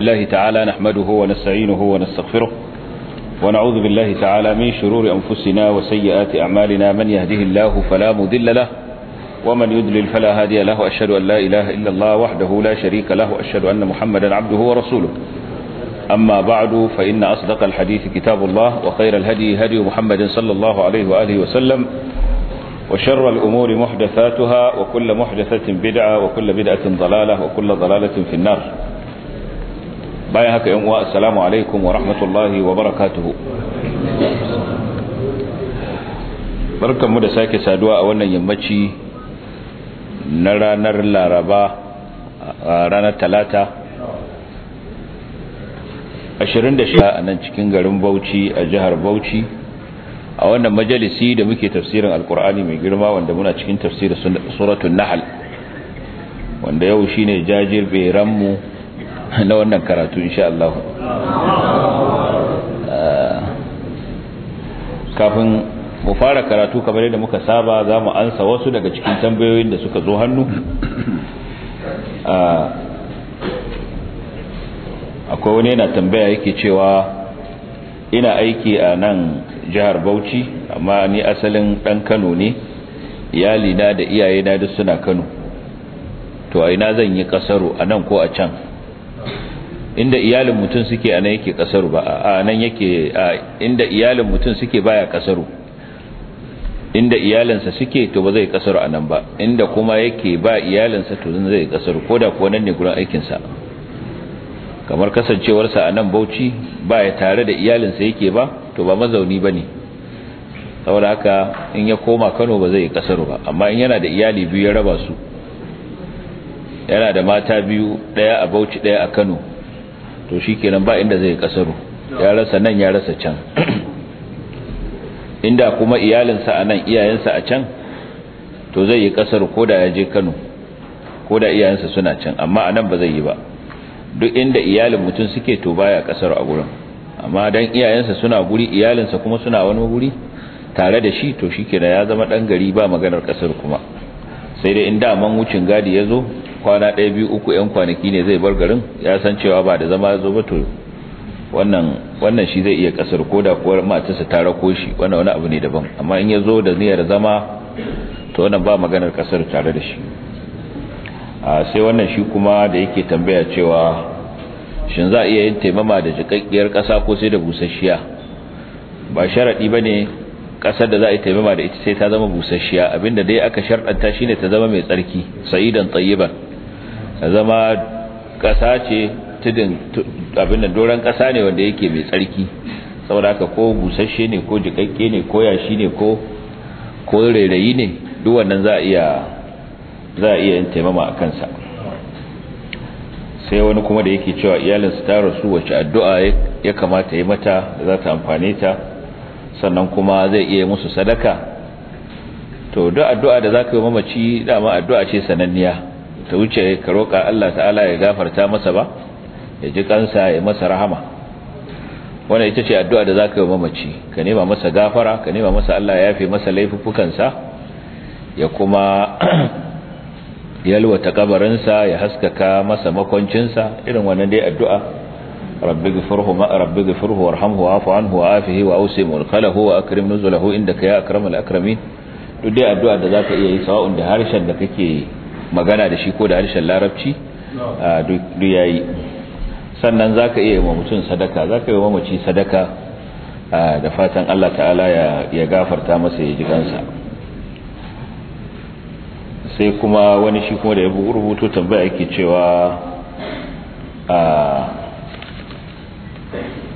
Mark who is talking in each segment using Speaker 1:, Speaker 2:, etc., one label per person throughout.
Speaker 1: الله تعالى نحمده ونستعينه ونستغفره ونعوذ بالله تعالى من شرور أنفسنا وسيئات أعمالنا من يهده الله فلا مذل له ومن يدلل فلا هادي له أشهد أن لا إله إلا الله وحده لا شريك له أشهد أن محمدا عبده ورسوله أما بعد فإن أصدق الحديث كتاب الله وخير الهدي هدي محمد صلى الله عليه وآله وسلم وشر الأمور محدثاتها وكل محدثة بدعة وكل بدعة ضلالة وكل ضلالة في النار bayan haka yan uwa assalamu alaikum wa rahmatullahi wa barakatuhu barkanmu da sake saduwa a wannan yammaci na ranar laraba ranar talata 26 a nan cikin garin bauchi a jihar bauchi a wannan majalisi da muke tafsirin alkur'ani mai girma wanda muna cikin tafsirin suratun nahal wanda yau shine jajir beranmu na wannan karatu insha Allah ah, kafin mu fara karatu kamar yadda muka saba za mu ansa wasu daga cikin tambayoyin da suka zo hannu ah, akwai wani yana tambaya yake cewa ina aiki a nan jihar bauchi amma ni asalin dan kano ne iyalina da iyayena duk suna kano to a ina zan yi kasaro a nan ko a can inda iyalin mutum suke anan yake kasaru ba anan yake inda iyalin mutum suke baya kasaru inda iyalinsa suke to ba zai kasaru anan ba inda kuma yake ba iyalinsa to zai kasaru koda kuwa nan ne gurin aikin sa kamar kasancewarsa anan Bauchi ba ya tare da iyalinsa yake ba to ba mazauni bane saboda haka in ya koma Kano ba zai kasaru ba amma in yana da iyali biyu ya raba su yana da mata biyu daya a bauchi daya a kano to shi kenan ba inda zai kasaro ya rasa nan ya rasa can inda kuma iyalinsa a nan iyayensa a can to zai yi kasar ko da ya je kano ko da iyayensa suna can amma a nan ba zai yi ba duk inda iyalin mutum suke to baya kasar a gurin amma dan iyayensa suna guri iyalinsa kuma suna wani guri tare da shi to shi kenan ya zama dan gari ba maganar kasar kuma sai dai in man wucin gadi ya zo kwana ɗaya biyu uku yan kwanaki ne zai bar garin ya san cewa ba da zama zo ba to wannan shi zai iya kasar ko da kuwar matarsa ta rako shi wannan wani abu ne daban amma in ya zo da niyyar zama to wannan ba maganar kasar tare da shi sai wannan shi kuma da yake tambaya cewa shin za a iya yin taimama da jikakkiyar ƙasa ko sai da busasshiya ba sharaɗi ba ne ƙasar da za a yi taimama da ita sai ta zama busasshiya abinda dai aka sharɗanta shi ne ta zama mai tsarki sa'idan tsayiban ya zama ƙasa ce tudin abin da doron ƙasa ne wanda yake mai tsarki saboda haka ko busasshe ne ko jikakke ne ko yashi ne ko ko rairayi ne duk wannan za a iya za iya yin taimama a kansa sai wani kuma da yake cewa su ta rasu wace addu'a ya kamata yi mata da za ta amfane ta sannan kuma zai iya musu sadaka to duk addu'a da za ka yi mamaci dama addu'a ce sananniya ta wuce ka roƙa Allah ta'ala ya gafarta masa ba ya ji kansa ya masa rahama wannan ita ce addu'a da zaka yi mamaci ka nema masa gafara ka nema masa Allah ya yafe masa sa ya kuma ta kabarin sa ya haskaka masa makoncin sa irin wannan dai addu'a rabbi gafirhu ma rabbi gafirhu warhamhu wa'fu anhu wa'afihi wa'usi mulkalahu wa akrim nuzulahu indaka ya akramul akramin duk dai addu'a da zaka iya yi sawa'un da harshen da kake magana da shi ko da harshen larabci duk yayi sannan za ka iya wa mutum sadaka za ka yi wa mamaci sadaka da fatan Allah ta'ala ya gafarta masa ya ji kansa sai kuma wani shi kuma da ya rubuto tambaya yake cewa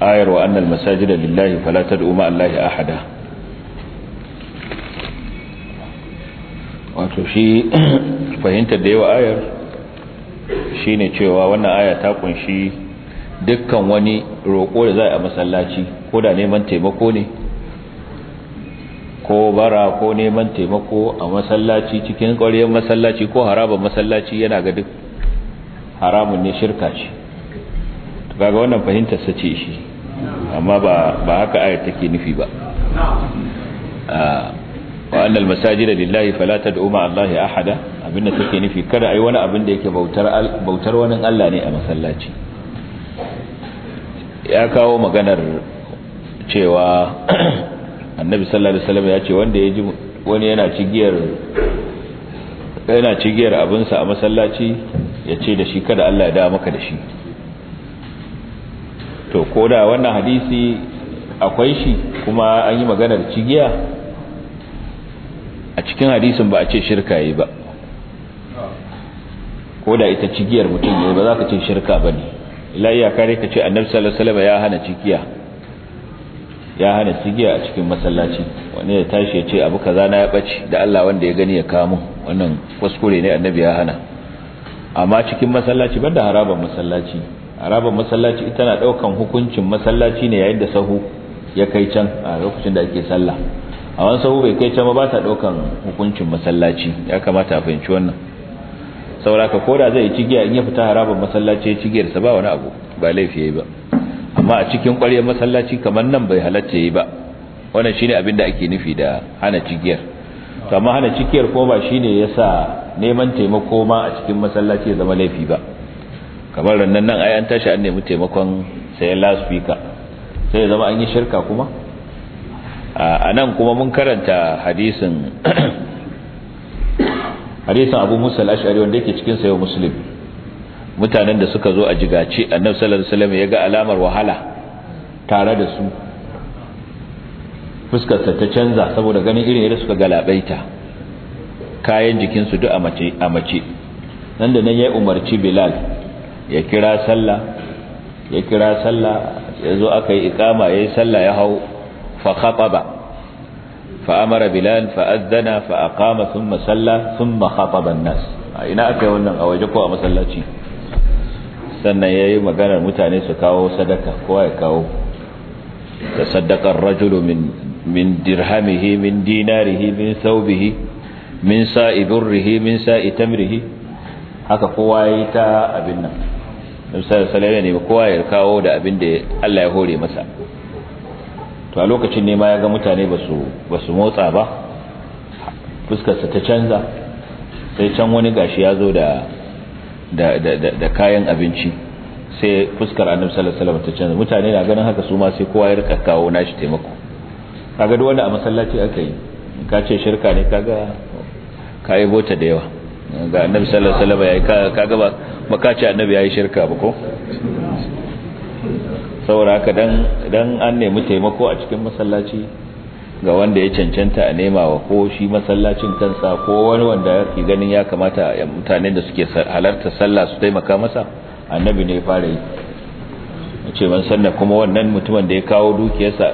Speaker 1: ayar wa annal masajida lillahi falatar umar allah ya ahada wato shi fahimtar da yawa ayar shi ne cewa wannan aya ta kunshi dukkan wani roƙo da za a masallaci ko da neman taimako ne ko bara ko neman taimako a masallaci cikin ƙwariyar masallaci ko haramun masallaci yana ga duk haramun ne shirka ce kaga wannan fahimtar sa ce shi amma ba haka ayar take nufi ba wa annal masajida lillahi fala tad'u ma allahi ahada abinda take nufi kada ai wani abin da yake bautar bautar wani Allah ne a masallaci ya kawo maganar cewa annabi sallallahu alaihi wasallam ya ce wanda ya ji wani yana cigiyar yana cigiyar abinsa a masallaci ya ce da shi kada Allah ya da maka da shi to koda wannan hadisi akwai shi kuma an yi maganar cigiya cikin hadisin ba a ce shirka yi ba ko da ita cigiyar mutum ne ba za ka ce shirka ba ne ilayya kare ka ce annabi sallallahu alaihi wasallam ya hana cigiya ya hana cigiya a cikin masallaci wani ya tashi ya ce abu kaza na ya bace da Allah wanda ya gani ya kamo wannan kuskure ne annabi ya hana amma cikin masallaci banda haraban masallaci haraban masallaci ita na ɗaukan hukuncin masallaci ne yayin da sahu ya kai can a lokacin da ake sallah a wani sahu bai kai can ba ta ɗaukan hukuncin masallaci ya kamata a fahimci wannan sauraka ko da zai ci giya in ya fita harabar masallaci ya cigiyarsa ba wani abu ba laifi ya ba amma a cikin ƙwaryar masallaci kamar nan bai halarta ya yi ba wannan shine abin da ake nufi da hana cigiyar to amma hana giyar ko ba shine yasa neman taimako ma a cikin masallaci ya zama laifi ba kamar rannan nan ai an tashi an nemi taimakon sayan speaker sai ya zama an yi shirka kuma a nan kuma mun karanta hadisin hadisin abu musa ashari wanda yake cikin sayo muslim mutanen da suka zo a jigace annabi sallallahu alaihi wasallam ya ga alamar wahala tare da su fuskarsa ta canza saboda ganin irin yadda suka galabaita kayan jikinsu duk a mace a mace nan da nan ya umarci bilal ya kira sallah ya kira sallah ya zo aka yi ikama ya yi sallah ya hau فخطب فأمر بلال فأذن فأقام ثم سلى ثم خطب الناس ina aka yi wannan a waje ko a masallaci sannan ya yi maganar mutane su kawo sadaka kowa ya kawo da sadakar rajulu min dirhamihi min dinarihi min saubihi min sa'i min sa'i haka kowa ya yi ta abin nan. Nusar Salama ne kowa ya kawo da abin da Allah ya hore masa. to a lokacin ne ma ya ga mutane ba su motsa ba fuskarsa ta canza sai can wani gashi ya zo da da kayan abinci sai fuskar annabi sallallahu alaihi wasallam ta canza mutane na ganin haka su ma sai kowa ya rika kawo nashi taimako kaga duk wanda a masallaci aka yi ka ce shirka ne kaga ka yi bota da yawa ga annabi sallallahu alaihi wasallam ya kaga ba makaci annabi yayi shirka ba ko saboda haka dan an nemi taimako a cikin masallaci ga wanda ya cancanta a nema wa ko shi masallacin kansa ko wani wanda yake ganin ya kamata mutanen da suke halarta sallah su taimaka masa annabi ne fara yi ce man sanna kuma wannan mutumin da ya kawo dukiyarsa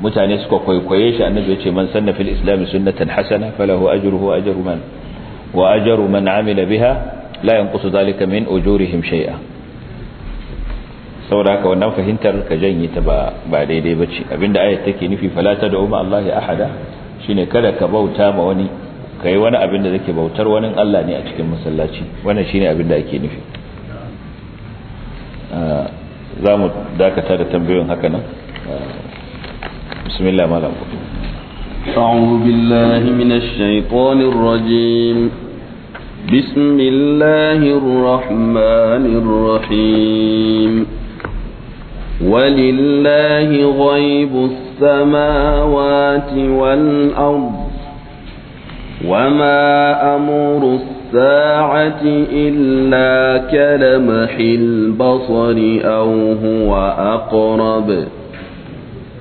Speaker 1: mutane suka kwaikwaye shi annabi ya ce man sanna fil islam sunnatan hasana falahu ajruhu ajru man wa ajru man amila biha la yanqusu dhalika min ujurihim shay'a saboda haka wannan fahimtar ka janye ta ba ba daidai bace abinda ayat take nufi falata ta da'u ma Allah ahada shine kada ka bauta ma wani kai wani abin da zake bautar wani Allah ne a cikin masallaci wannan shine abin da ake nufi ah, za mu dakata da tambayoyin haka nan ah, bismillah malam
Speaker 2: أعوذ بالله من الشيطان الرجيم بسم الله الرحمن الرحيم ولله غيب السماوات والأرض وما أمر الساعة إلا كلمح البصر أو هو أقرب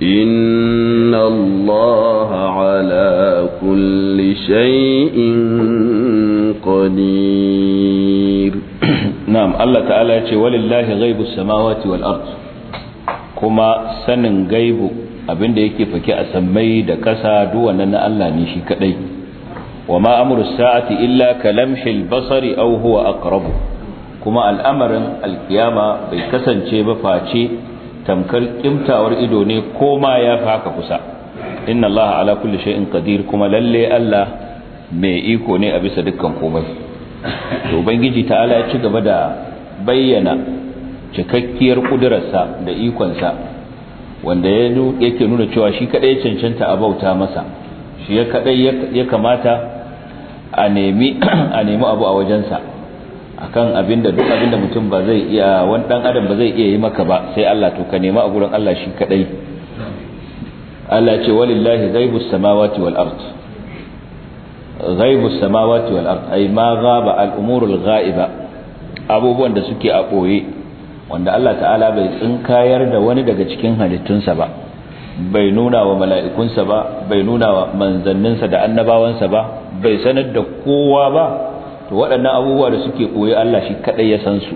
Speaker 2: إن الله على كل شيء
Speaker 1: قدير نعم الله تعالى ولله غيب السماوات والأرض kuma sanin gaibu abinda yake fake a sammai da ƙasa duwana na Allah ne shi kadai wama amru sa'ati illa kalamshil basari aw huwa aqrabu kuma al'amarin alkiyama bai kasance ba face tamkar kimtawar ido ne ko ma ya haka kusa inna Allah ala kulli shay'in qadir kuma lalle Allah mai iko ne a bisa dukkan komai to ubangiji ta'ala ya ci gaba da bayyana cikakkiyar kudurarsa da ikonsa wanda yake nuna cewa shi kadai cancanta a bauta masa shi ya kadai ya kamata a nemi abu a wajensa akan abinda duk abinda mutum ba zai iya wani dan adam ba zai iya yi maka ba sai Allah to ka nema a gurin Allah shi kadai Allah ce walillahi ghaibus samawati wal ard ghaibus samawati wal ard ai ma ghaba al umurul ghaiba abubuwan da suke a boye wanda Allah ta'ala bai tsinkayar da wani daga cikin halittunsa ba bai nuna wa mala'ikunsa ba bai nuna wa manzanninsa da annabawansa ba bai sanar da kowa ba to waɗannan abubuwa da suke koyi Allah shi kaɗai ya san su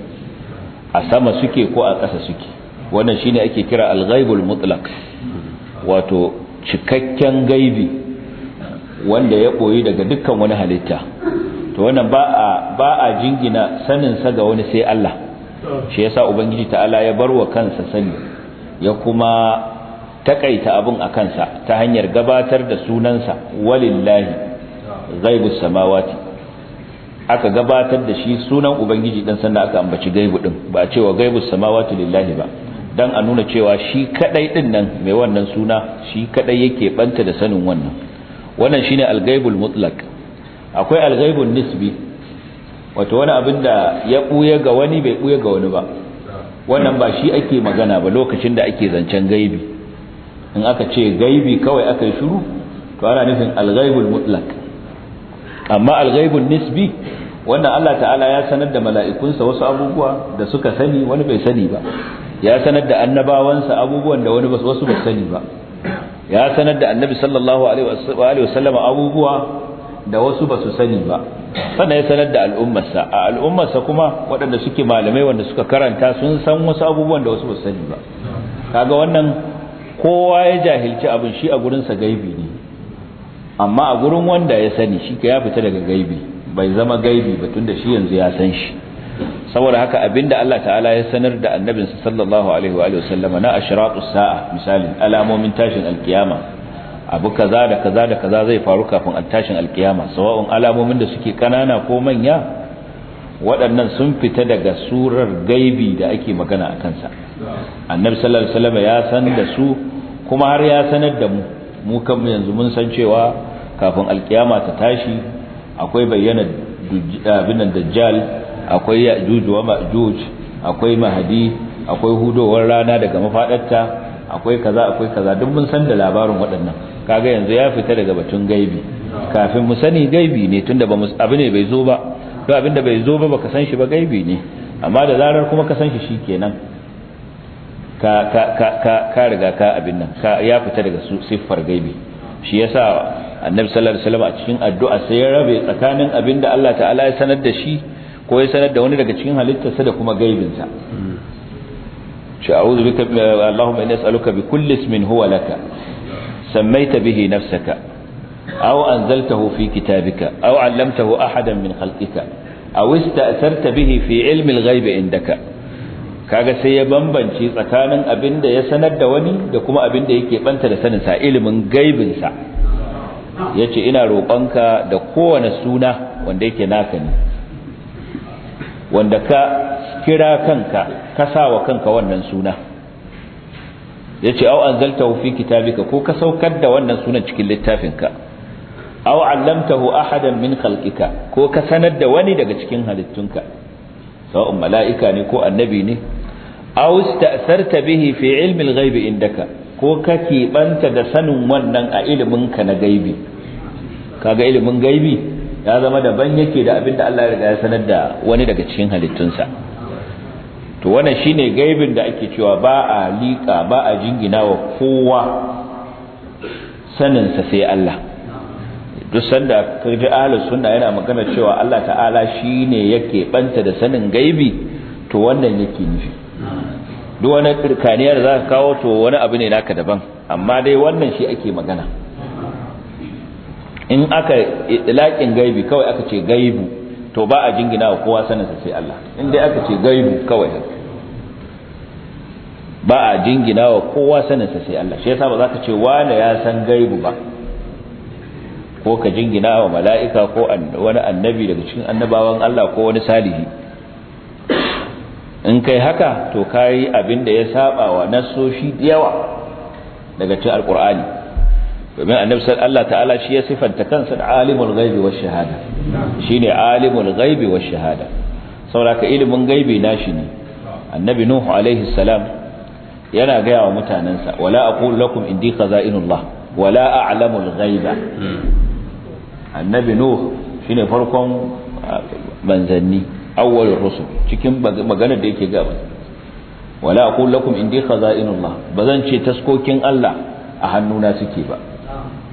Speaker 1: a sama suke ko a ƙasa suke wannan shine ake kira al-ghaibul mutlaq wato cikakken gaibi wanda ya koyi daga dukkan wani halitta to wannan ba a ba a jingina sanin sa ga wani sai Allah shi yasa ubangiji ta'ala ya bar wa kansa sani ya kuma takaita abun a kansa ta hanyar gabatar da sunansa walillahi ghaibus samawati aka gabatar da shi sunan ubangiji dan sannan aka ambaci gaibu din ba a cewa gaibus samawati lillahi ba dan a nuna cewa shi kadai din nan mai wannan suna shi kadai yake banta da sanin wannan wannan shine al-ghaibul mutlaq akwai al-ghaibun nisbi wato wani abin da ya ɓuya ga wani bai ɓuya ga wani ba wannan ba shi ake magana ba lokacin da ake zancen gaibi in aka ce gaibi kawai aka yi shuru to ana nufin alghaibul mutlak amma alghaibul nisbi wannan Allah ta'ala ya sanar da mala'ikunsa wasu abubuwa da suka sani wani bai sani ba ya sanar da annabawansa abubuwan da wani wasu ba sani ba ya sanar da annabi sallallahu alaihi wasallama abubuwa da wasu ba su sani ba sannan ya sanar da al'ummarsa a al'ummarsa kuma waɗanda suke malamai wanda suka karanta sun san wasu abubuwan da wasu ba su sani ba kaga wannan kowa ya jahilci abin shi a gurinsa gaibi ne amma a gurin wanda ya sani shi ka ya fita daga gaibi bai zama gaibi ba tun da shi yanzu ya san shi saboda haka abin da Allah ta'ala ya sanar da annabinsa sallallahu alaihi wa sallama na ashratus sa'a misalin alamomin tashin alkiyama abu kaza da kaza da kaza zai faru kafin tashin alkiyama sawa'un alamomin da suke kanana ko manya waɗannan sun fita daga surar gaibi da ake magana a kansa annabi sallallahu alaihi ya san da su kuma har ya sanar da mu mu kan yanzu mun san cewa kafin alkiyama ta tashi akwai bayyana binan dajjal akwai ya'juj wa ma'juj akwai mahadi akwai hudowar rana daga mafadarta akwai kaza akwai kaza duk mun san da labarin waɗannan kaga yanzu ya fita daga batun gaibi kafin mu sani gaibi ne tunda ba abu ne bai zo ba to abinda bai zo ba baka san shi ba gaibi ne amma da zarar kuma ka san shi shikenan ka ka ka ka ka riga ka abin nan ka ya fita daga siffar gaibi shi yasa annabi sallallahu alaihi wasallam a cikin addu'a sai ya rabe tsakanin abinda Allah ta'ala ya sanar da shi ko ya sanar da wani daga cikin halittarsa da kuma gaibinsa hmm. shi a'udhu bika Allahumma inni as'aluka bi kulli ismin huwa laka سميت به نفسك أو أنزلته في كتابك أو علمته أحدا من خلقك أو استأثرت به في علم الغيب عندك kaga sai ya bambance tsakanin abin da ya sanar da wani da kuma abin da yake banta da saninsa ilimin gaibinsa ya ce ina roƙonka da kowane suna wanda yake naka ne wanda ka kira kanka ka sa wa kanka wannan suna yace an anzaltahu fi kitabika ko ka saukar da wannan sunan cikin littafinka aw allamtahu ahadan min khalqika ko ka sanar da wani daga cikin halittunka sawa'un mala'ika ne ko annabi ne aw ista'sarta bihi fi ilmi al-ghaib indaka ko ka kibanta da sanin wannan a ilimin ka na gaibi kaga ilimin gaibi ya zama daban yake da abinda Allah ya riga ya sanar da wani daga cikin halittunsa to wannan shine gaibin da ake cewa ba a liƙa ba a jingina wa kowa saninsa sai Allah duk sanda ka ahlus sunna yana magana cewa Allah ta'ala shine yake banta da sanin gaibi to wannan yake nufi duk wani kirkaniyar za ka kawo to wani abu ne naka daban amma dai wannan shi ake magana in aka laƙin gaibi kawai aka ce gaibu to ba a jingina wa kowa saninsa sai Allah in dai aka ce gaibu kawai ba a jingina wa kowa saninsa sai Allah shi yasa ba za ka ce wani ya san gaibu ba ko ka jingina wa mala'ika ko wani annabi daga cikin annabawan Allah ko wani salihi in kai haka to kayi abin da ya saba wa nasoshi yawa daga cikin alqur'ani domin annabi Allah ta'ala shi ya sifanta kansa da alimul gaibi wash shahada shine alimul gaibi wash shahada saboda ka ilimin gaibi nashi ne annabi nuhu alaihi salam yana gaya wa mutanensa wala aqulu lakum indi khaza'inullah wala a'lamu al-ghaiba annabi nuh shine farkon uh, manzanni awwal rusul cikin maganar da yake gaba wala aqulu lakum indi khaza'inullah bazan ce taskokin Allah a hannuna suke ba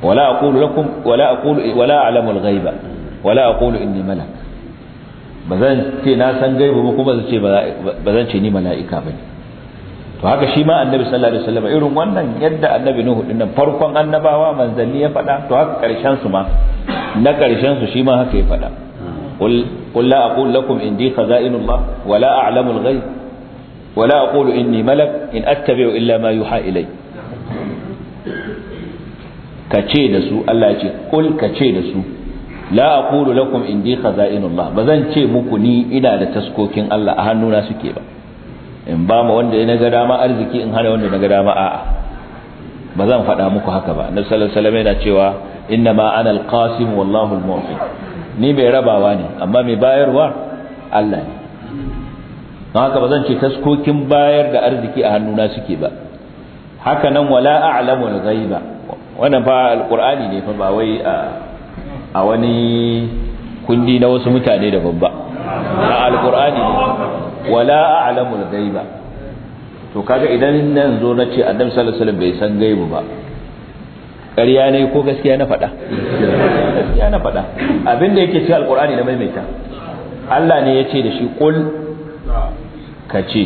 Speaker 1: wala aqulu lakum wala aqulu wala a'lamu al-ghaiba wala aqulu inni malak bazan ce na san gaibu ba kuma zan ce ni mala'ika bane to haka shi ma annabi sallallahu alaihi wasallam irin wannan yadda annabi nuhu din nan farkon annabawa manzanni ya faɗa to haka karshen su ma na karshen su shi ma haka ya faɗa qul la aqul lakum indi khaza'inullah wa la a'lamu al-ghaib wa la aqulu inni malak in attabi'u illa ma yuha ilay kace da su Allah ya ce qul kace da su la aqulu lakum indi khaza'inullah bazan ce muku ni ina da taskokin Allah a hannuna suke ba in ba mu wanda ya ga dama arziki in hana wanda na ga dama a'a ba zan faɗa muku haka ba annabi sallallahu yana cewa inna ma ana alqasim wallahu ni mai rabawa ne amma mai bayarwa Allah ne don haka ba zan ce taskokin bayar da arziki a hannuna suke ba haka nan wala a'lamu al-ghaiba wannan fa alqur'ani ne fa ba wai a wani kundi na wasu mutane daban ba a alqur'ani wala a'lamu al-ghaiba to kaga idan nan zo na ce annabi sallallahu alaihi wasallam bai san gaibu ba ƙarya ne ko gaskiya na faɗa gaskiya na faɗa abinda yake cikin alqur'ani na maimaita Allah ne ya ce da shi qul ka ce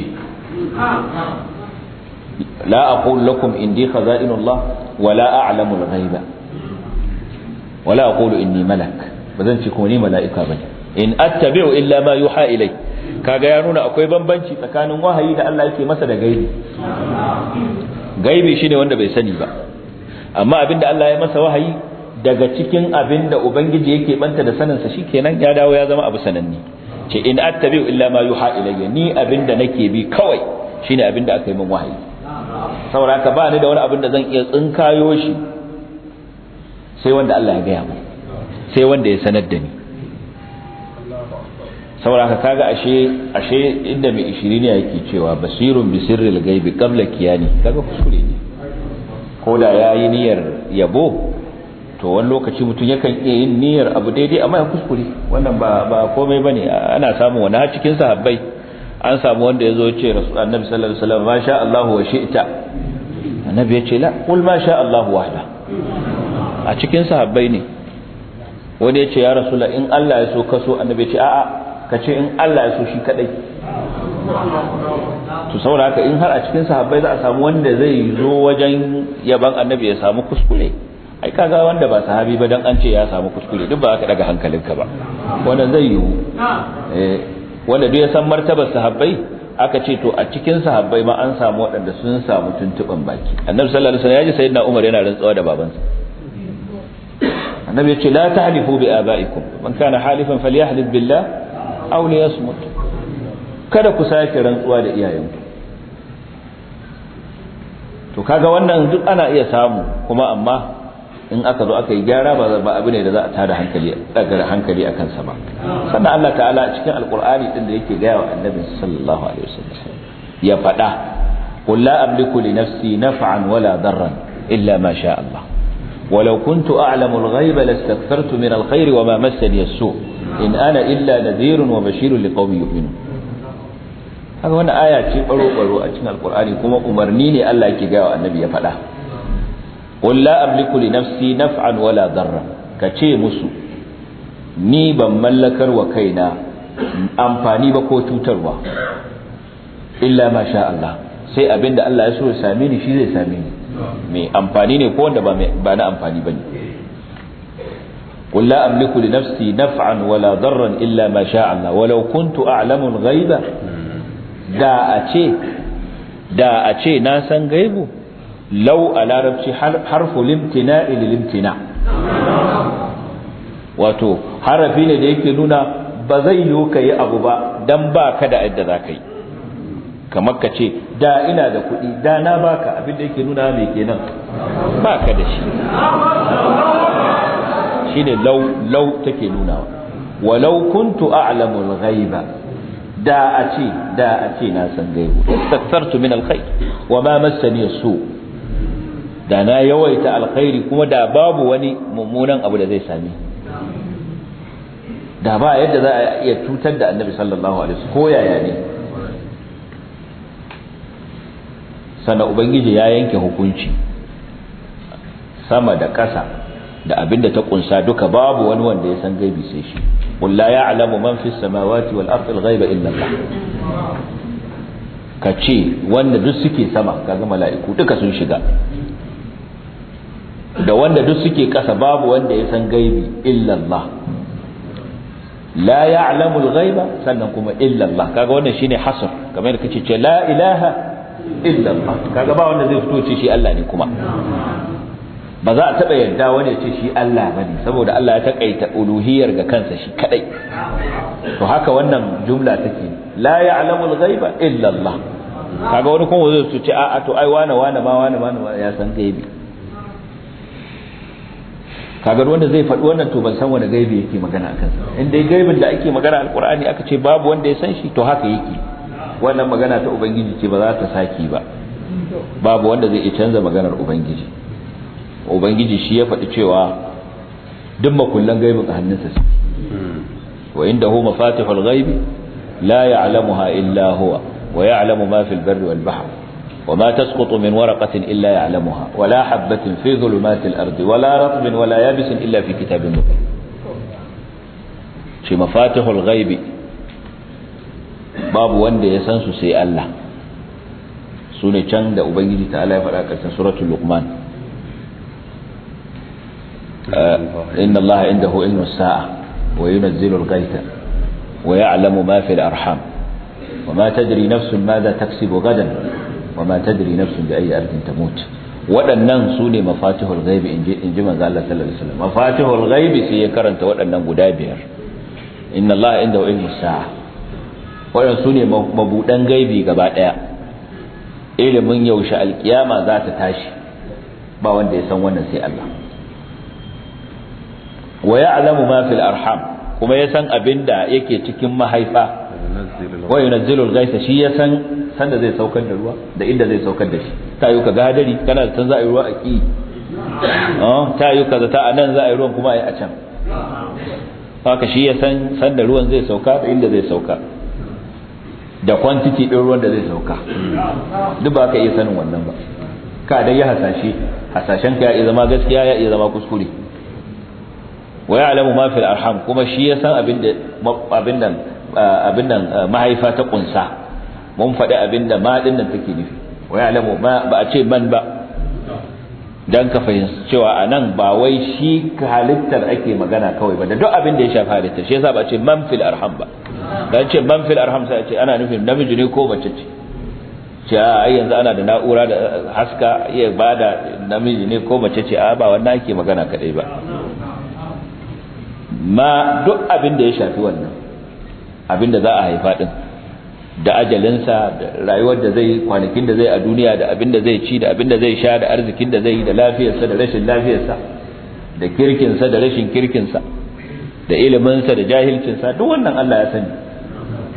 Speaker 1: la aqul lakum indi Allah. wala a'lamu al-ghaiba wala aqulu inni malak bazan ce ko ni mala'ika bane in attabi'u illa ma yuha ilai kaga ya nuna akwai bambanci tsakanin wahayi da Allah yake masa da gaibi gaibi shine wanda bai sani ba amma abinda Allah ya masa wahayi daga cikin abinda ubangiji yake banta da saninsa shikenan ya dawo ya zama abu sananni ce in attabi'u illa ma yuha ilayya ni abinda nake bi kawai shine abinda aka yi min wahayi saboda haka ba ni da wani abin da zan iya tsinkayo shi sai wanda Allah ya gaya min sai wanda ya sanar da ni saboda ka kaga ashe ashe inda mai ne yake cewa basirun bi sirril gaibi qabla kiyani kaga kuskure ne ko da yayi niyyar yabo to wani lokaci mutum yakan iya yin niyyar abu daidai amma ya kuskure wannan ba ba komai bane ana samu wani har cikin sahabbai an samu wanda yazo ce rasul annabi sallallahu alaihi wasallam masha Allah wa shi'ta annabi ya ce la qul masha Allah wahda a cikin sahabbai ne wani ya ce ya rasulullah in Allah ya so kaso annabi ya ce a'a ka ce in Allah ya so shi kadai to saboda haka in har a cikin sahabbai za a samu wanda zai zo wajen yaban annabi ya samu kuskure ai kaga wanda ba sahabi ba dan an ce ya samu kuskure duk ba ka daga hankalinka ba wannan zai yiwu eh wanda duk ya san martabar sahabbai aka ce to a cikin sahabbai ma an samu waɗanda sun samu tuntuɓin baki annabi sallallahu alaihi wasallam ya ji sayyidina umar yana rantsuwa da babansa annabi ya ce la tahlifu bi abaikum man kana halifan falyahlif billah aw liyasmut kada ku sake rantsuwa da iyayenku to kaga wannan duk ana iya samu kuma amma in aka zo aka yi gyara ba ba abu ne da za a tada hankali daga hankali akan sa ba sannan Allah ta'ala cikin alqur'ani din da yake gaya wa annabi sallallahu alaihi wasallam ya faɗa qul la amliku li nafsi naf'an wala darran illa ma sha Allah ولو كنت أعلم الغيب لاستكثرت من الخير وما مسني السوء in ana illa nadhirun wa bashirun liqaumin haka wani aya ce baro baro a cikin alqur'ani kuma umarni ne Allah yake ga annabi ya faɗa qul la amliku li nafsi naf'an wala darra ka ce musu ni ban mallakar wa na amfani ba ko cutarwa illa ma sha Allah sai abinda Allah ya so ya same ni shi zai same ni mai amfani ne ko wanda ba na amfani bane قل لا أملك لنفسي نفعا ولا ضرا إلا ما شاء الله ولو كنت أعلم الغيب دا أتي دا أتي ناسا غيبه لو ألا ربشي حرف الامتناء للامتناء wato harafi ne da yake nuna ba zai yi ka yi abu ba don ba ka da yadda za ka kamar ka ce da ina da kuɗi da na baka abin da yake nuna mai kenan ba ka da shi shine law law take nunawa walau kuntu a'lamu al-ghaiba da a ce da a ce na san gaibu istakthartu min al wa ma massani su da na yawaita alkhairi kuma da babu wani mummunan abu da zai same da ba yadda za a iya cutar da annabi sallallahu alaihi wasallam ko yaya ne sana ubangiji ya yanke hukunci sama da ƙasa da abinda ta kunsa duka babu wani wanda ya san gaibi sai shi qul la ya'lamu man fis samawati wal ardi al ghaiba illa Allah ce wanda duk suke sama kaga mala'iku duka sun shiga da wanda duk suke kasa babu wanda ya san gaibi illa Allah la ya'lamu al ghaiba sannan kuma illa Allah kaga wannan shine hasr kamar da kace ce la ilaha illa Allah kaga ba wanda zai fito shi Allah ne kuma ba za a taɓa yarda wani ya ce shi Allah ba ne saboda Allah ya taƙaita uluhiyar ga kansa shi kaɗai to haka wannan jumla take la ya'lamul ghaiba illa Allah kaga wani kuma zai su ce a'a to ai wane wane ma wane wane ya san gaibi kagar wanda zai faɗi wannan to ban san wani gaibi yake magana akan sa in dai gaibin da ake magana alqur'ani aka ce babu wanda ya san shi to haka yake wannan magana ta ubangiji ce ba za ta saki ba babu wanda zai iya canza maganar ubangiji ubangiji shi ya faɗi cewa duk makullan gaibin a hannunsa su wa inda hu mafatihul gaibi la ya'lamuha illa huwa wa ya'lamu ma fil barri wa ma tasqutu min waraqatin illa ya'lamuha wa la habatin fi dhulumatil ardi wa la ratbin wa la yabisin illa fi kitabin mubin shi mafatihul gaibi babu wanda ya san su sai Allah sune can da ubangiji ta'ala ya faɗa a ƙarshen suratul inna allaha indahu ilmu ma fi al waɗannan su ne mafatihul ghaibi in ji manzo Allah sallallahu alaihi wasallam mafatihul ghaibi sai ya karanta waɗannan guda biyar inna allaha indahu ilmu sa'a waɗannan su ne mabudan gaibi gaba daya ilimin yaushe alkiyama za ta tashi ba wanda ya san wannan sai Allah wa ya'lamu ma fil arham kuma ya san abin abinda yake cikin mahaifa wa yunazzilul ghaitha shi ya san sanda zai saukar da ruwa da inda zai saukar da shi ta yi ka gadari kana da san za a yi ruwa a ki ah, ta yi ka zata a nan za a yi ruwan kuma a yi a can haka shi ya san sanda ruwan zai sauka da inda zai sauka da kwantiti ɗin ruwan da zai sauka duk ba ka iya sanin wannan ba ka dai ya hasashe hasashen ka ya iya zama gaskiya ya iya zama kuskure wa ya'lamu ma fil arham kuma shi ya san abin abinda abin nan mahaifa ta kunsa mun faɗi abin da din nan take nufi wa ya'lamu ma ba a ce man ba dan ka fahimci cewa anan ba wai shi halittar ake magana kawai ba da duk abin da ya shafi halittar shi yasa ba a ce man fil arham ba dan ce man fil arham sai a ce ana nufin namiji ne ko mace ce ce a yanzu ana da na'ura da haska iya bada namiji ne ko mace ce a ba wannan ake magana kadai ba ma duk abin da ya shafi wannan abin da za a haifa din da ajalinsa da rayuwar da zai kwanakin da zai a duniya da abin da zai ci da abin da zai sha da arzikin da zai da lafiyarsa da rashin lafiyarsa da kirkinsa da rashin kirkinsa da iliminsa da jahilcinsa duk wannan Allah ya sani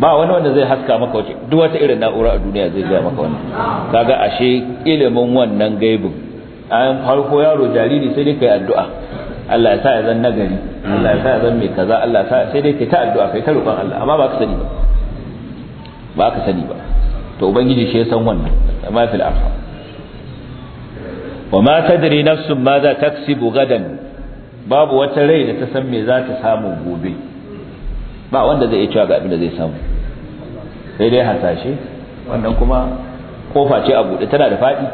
Speaker 1: ba wani wanda zai haska maka wace duk wata irin na'ura a duniya zai gaya maka wannan kaga ashe ilimin wannan gaibin an farko yaro jariri sai dai kai addu'a Allah ya sa ya zan nagari Allah ya sa ya zan mai kaza Allah ya sa sai dai kai ta addu'a kai ta roƙon Allah amma ba ka sani ba ba ka sani ba to ubangiji shi ya san wannan amma fil arham wa ma tadri nafsun ma za taksibu gadan babu wata rai da ta san me za ta samu gobe ba wanda zai iya cewa ga abin da zai samu sai dai hasashe wannan kuma kofa ce a buɗe tana da faɗi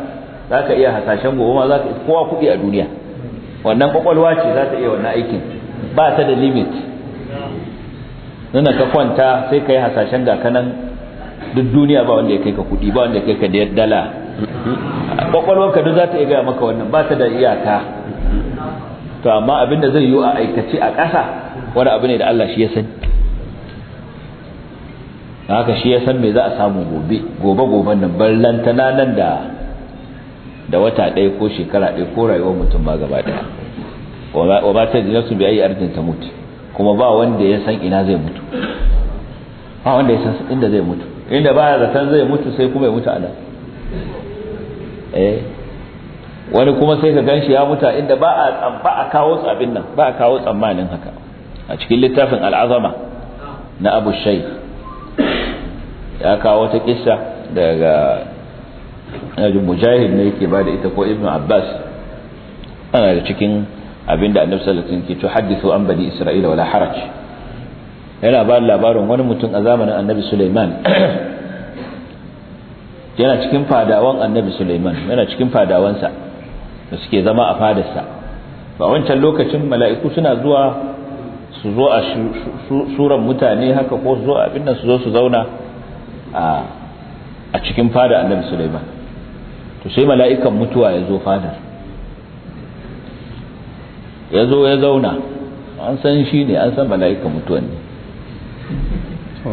Speaker 1: za ka iya hasashen gobe ma za ka kowa kuɗi a duniya wannan kwakwalwa ce za ta iya wannan aikin ba ta da limit nuna ka kwanta sai ka yi hasashen ga kanan duk duniya ba wanda ya kai ka kudi ba wanda ya kai ka da dala ka duk za ta iya gaya maka wannan ba ta da iyaka to amma abin da zai yi a aikace a ƙasa wani abu ne da Allah shi ya sani haka shi ya san me za a samu gobe gobe goben nan ballantana nan da da wata ɗaya ko shekara ɗaya ko rayuwar mutum ba gaba ɗaya wa ba ta su bi ayi arzikin ta mutu kuma ba wanda ya san ina zai mutu ba wanda ya san inda zai mutu inda ba ya zaton zai mutu sai kuma ya mutu a nan eh wani kuma sai ka ganshi ya mutu inda ba a ba a kawo tsabin nan ba a kawo tsammanin haka a cikin littafin al'azama na Abu Shaykh ya kawo wata kissa daga mujahid ne yake da ita ko ibnu abbas ana da cikin abinda annabi sallallahu alaihi wasallam ke to an bani isra'ila wala haraj yana ba labarin wani mutum a zamanin annabi Sulaiman yana cikin fadawan annabi Sulaiman yana cikin fadawansa da suke zama a fadarsa ba wancan lokacin mala'iku suna zuwa su zo a suran mutane haka ko su zo abin nan su zo su zauna a cikin fada annabi Sulaiman to sai mala'ikan mutuwa ya zo fadar ya zo ya zauna an san shi ne an san mala'ikan mutuwa ne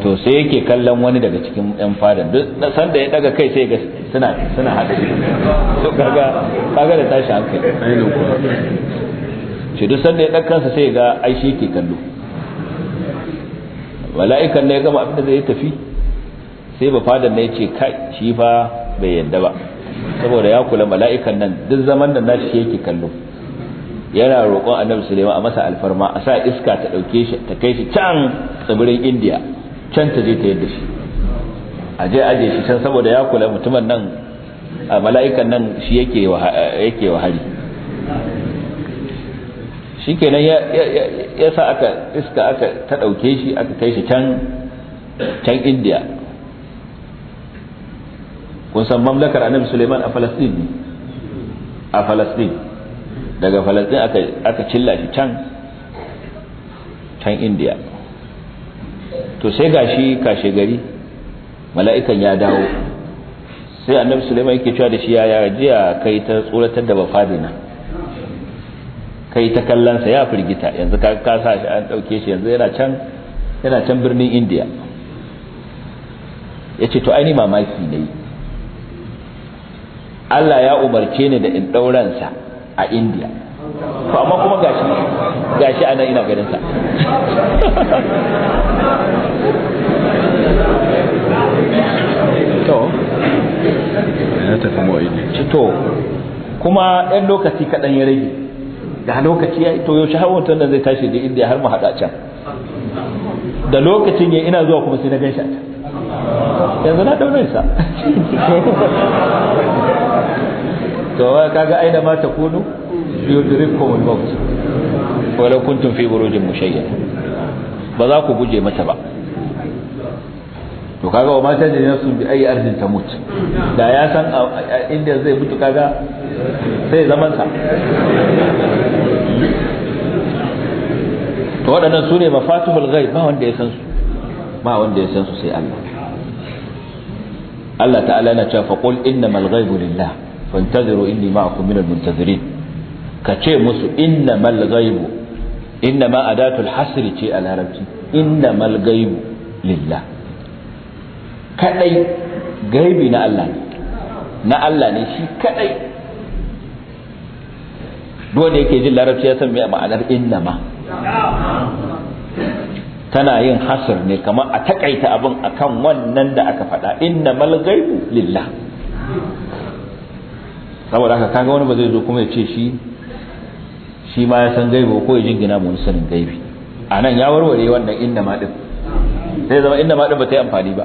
Speaker 1: to sai yake kallon wani daga cikin yan fadan duk san da ya daga kai sai ga suna suna hada shi to kaga kaga da tashi hankali shi duk san da ya daga kansa sai ga ai shi yake kallo mala'ikan ne ya gama abin da zai tafi sai ba fadar ne ya ce kai shi fa bai yadda ba saboda ya kula mala'ikan nan duk zaman da nashi yake kallo yana roƙon annabi Sulaiman a masa alfarma a sa iska ta dauke shi ta kai shi can tsibirin indiya can ta je ta yadda shi a je aje shi can saboda ya kula mutumin nan a mala'ikan nan shi yake wa yake wa hari shikenan ya ya sa aka iska aka ta dauke shi aka kai shi can can indiya kun san mamlakar annabi suleiman a falastin ne a falastin daga falastin aka cilla shi can can indiya to sai gashi kashe gari mala'ikan ya dawo sai annabi suleiman yake cewa da shi ya a kai ta tsoratar da bafadina kai ta kallonsa ya firgita yanzu ka kasa shi an ɗauke shi yanzu yana can yana can birnin indiya ya ce to aini mamaki ne Allah ya umarce ni da in ɗauransa a indiya to amma kuma gashi gashi ana ina ganin sa to ya tafi mu'aidi to kuma ɗan lokaci kaɗan ya rage ga lokaci ya to yaushe har wancan zai tashi da indiya har mu haɗa can
Speaker 3: da lokacin ya
Speaker 1: ina zuwa kuma sai na gan shi a can yanzu na ɗaurin sa to kaga aina ma takunu yudrikum al-maut walau kuntum fi burujin mushayyad ba za ku guje mata ba to kaga wa mata da sun bi ayi ardin mutu. da ya san inda zai mutu kaga sai zaman sa to waɗannan sune mafatihul ghaib ba wanda ya san su ba wanda ya san su sai Allah Allah ta'ala na cewa faqul innamal ghaibu lillah fantaziru inni ma'akum minal muntazirin ka ce musu innamal ghaibu innama adatul hasri ce a larabci innamal ghaibu lillah kadai gaibi na Allah ne na Allah ne shi kadai dole yake jin larabci ya san me ma'anar ma. tana yin hasir ne kamar a takaita abin akan wannan da aka faɗa innamal ghaibu lillah saboda haka kaga wani ba zai zo kuma ya ce shi shi ma ya san gaibi ko ya jingina mu sanin gaibi a nan ya warware wannan inda ma din sai zama inda ma din ba ta yi amfani ba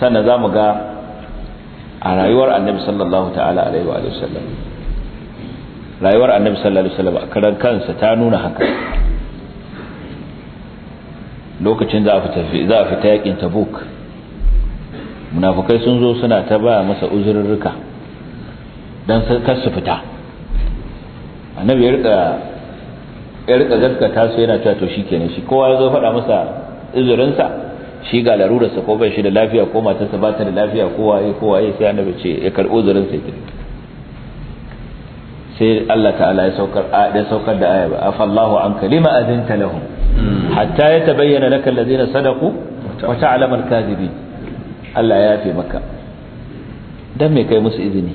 Speaker 1: sannan za mu ga a rayuwar annabi sallallahu ta'ala alaihi wa sallam rayuwar annabi sallallahu alaihi wa sallam a karan kansa ta nuna haka lokacin za a fita yakin tabuk munafukai sun zo suna ta ba masa uzurruka don kar su fita annabi ya rika ya rika su yana cewa to shikenan shi kowa ya zo faɗa masa uzurinsa shi ga larurarsa ko bai shi da lafiya ko matarsa ba ta da lafiya ko waye ko waye sai annabi ce ya karɓi uzurinsa ya sai Allah ta'ala ya saukar ya saukar da aya ba afallahu an kalima azinta lahum hmm. hatta yatabayyana lakal ladina sadaqu wa ta'lamu al-kadhibin Allah ya fi maka don me kai musu izini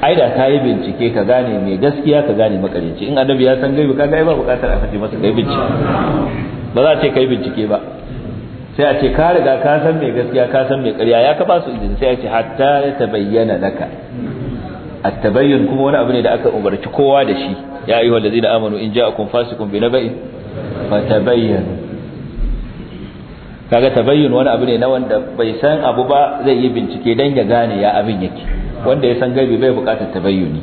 Speaker 1: ai da ka yi bincike ka gane me gaskiya ka gane makarinci in annabi ya san gaibi ka ai ba bukatar a fashe masa gaibin
Speaker 3: bincike
Speaker 1: ba za a ce kai bincike ba sai a ce ka riga ka san me gaskiya ka san me karya ya ka ba su izini sai a ce hatta ya tabayyana naka a tabayyun kuma wani abu ne da aka umarci kowa da shi ya yi zai da amanu in ja'akum fasikun bi naba'in fatabayyanu kaga tabayyun wani abu ne na wanda bai san abu ba zai yi bincike dan ya gane ya abin yake wanda ya san gaibi bai bukatar tabayyuni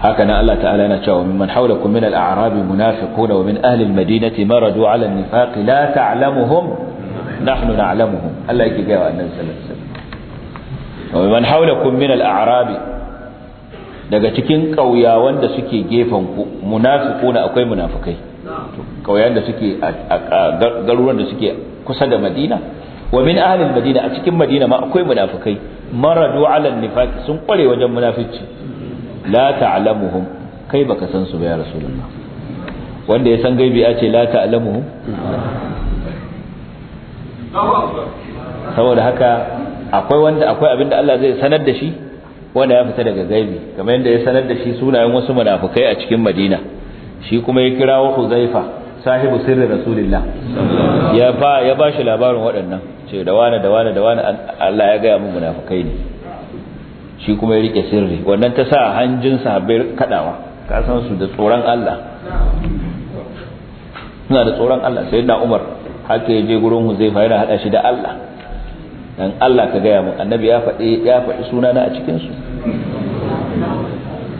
Speaker 1: haka nan Allah ta'ala yana cewa mimman haulakum min al-a'rabi munafiqun wa min ahli al-madinati maradu 'ala an-nifaq la ta'lamuhum nahnu na'lamuhum Allah yake gaya wa annabi sallallahu alaihi wasallam wa mimman haulakum min al-a'rabi daga cikin kauya wanda suke gefen ku munafiquna akwai munafikai kauyen da suke a garuruwan da suke kusa da madina wa min ahalin madina a cikin madina ma akwai munafikai maradu ala nifaq sun kware wajen munafici la ta'lamuhum kai baka san su ba ya rasulullah wanda ya san gaibi a ce la ta'lamuhum saboda haka akwai wanda akwai abinda Allah zai sanar da shi wanda ya fita daga gaibi kamar yadda ya sanar da shi sunayen wasu munafikai a cikin madina shi kuma ya kirawo huzaifa sahibu sirri rasulillah ya ba ya shi labarin waɗannan ce da wani da wani da wani Allah ya gaya mu munafikai ne shi kuma ya rike sirri wannan ta sa hanjin sahabbai kadawa ka san su da tsoron Allah suna da tsoron Allah sai da Umar haka ya je gurin Huzaifa yana hada shi da Allah dan Allah ka gaya mu annabi ya faɗi ya faɗi sunana a cikin su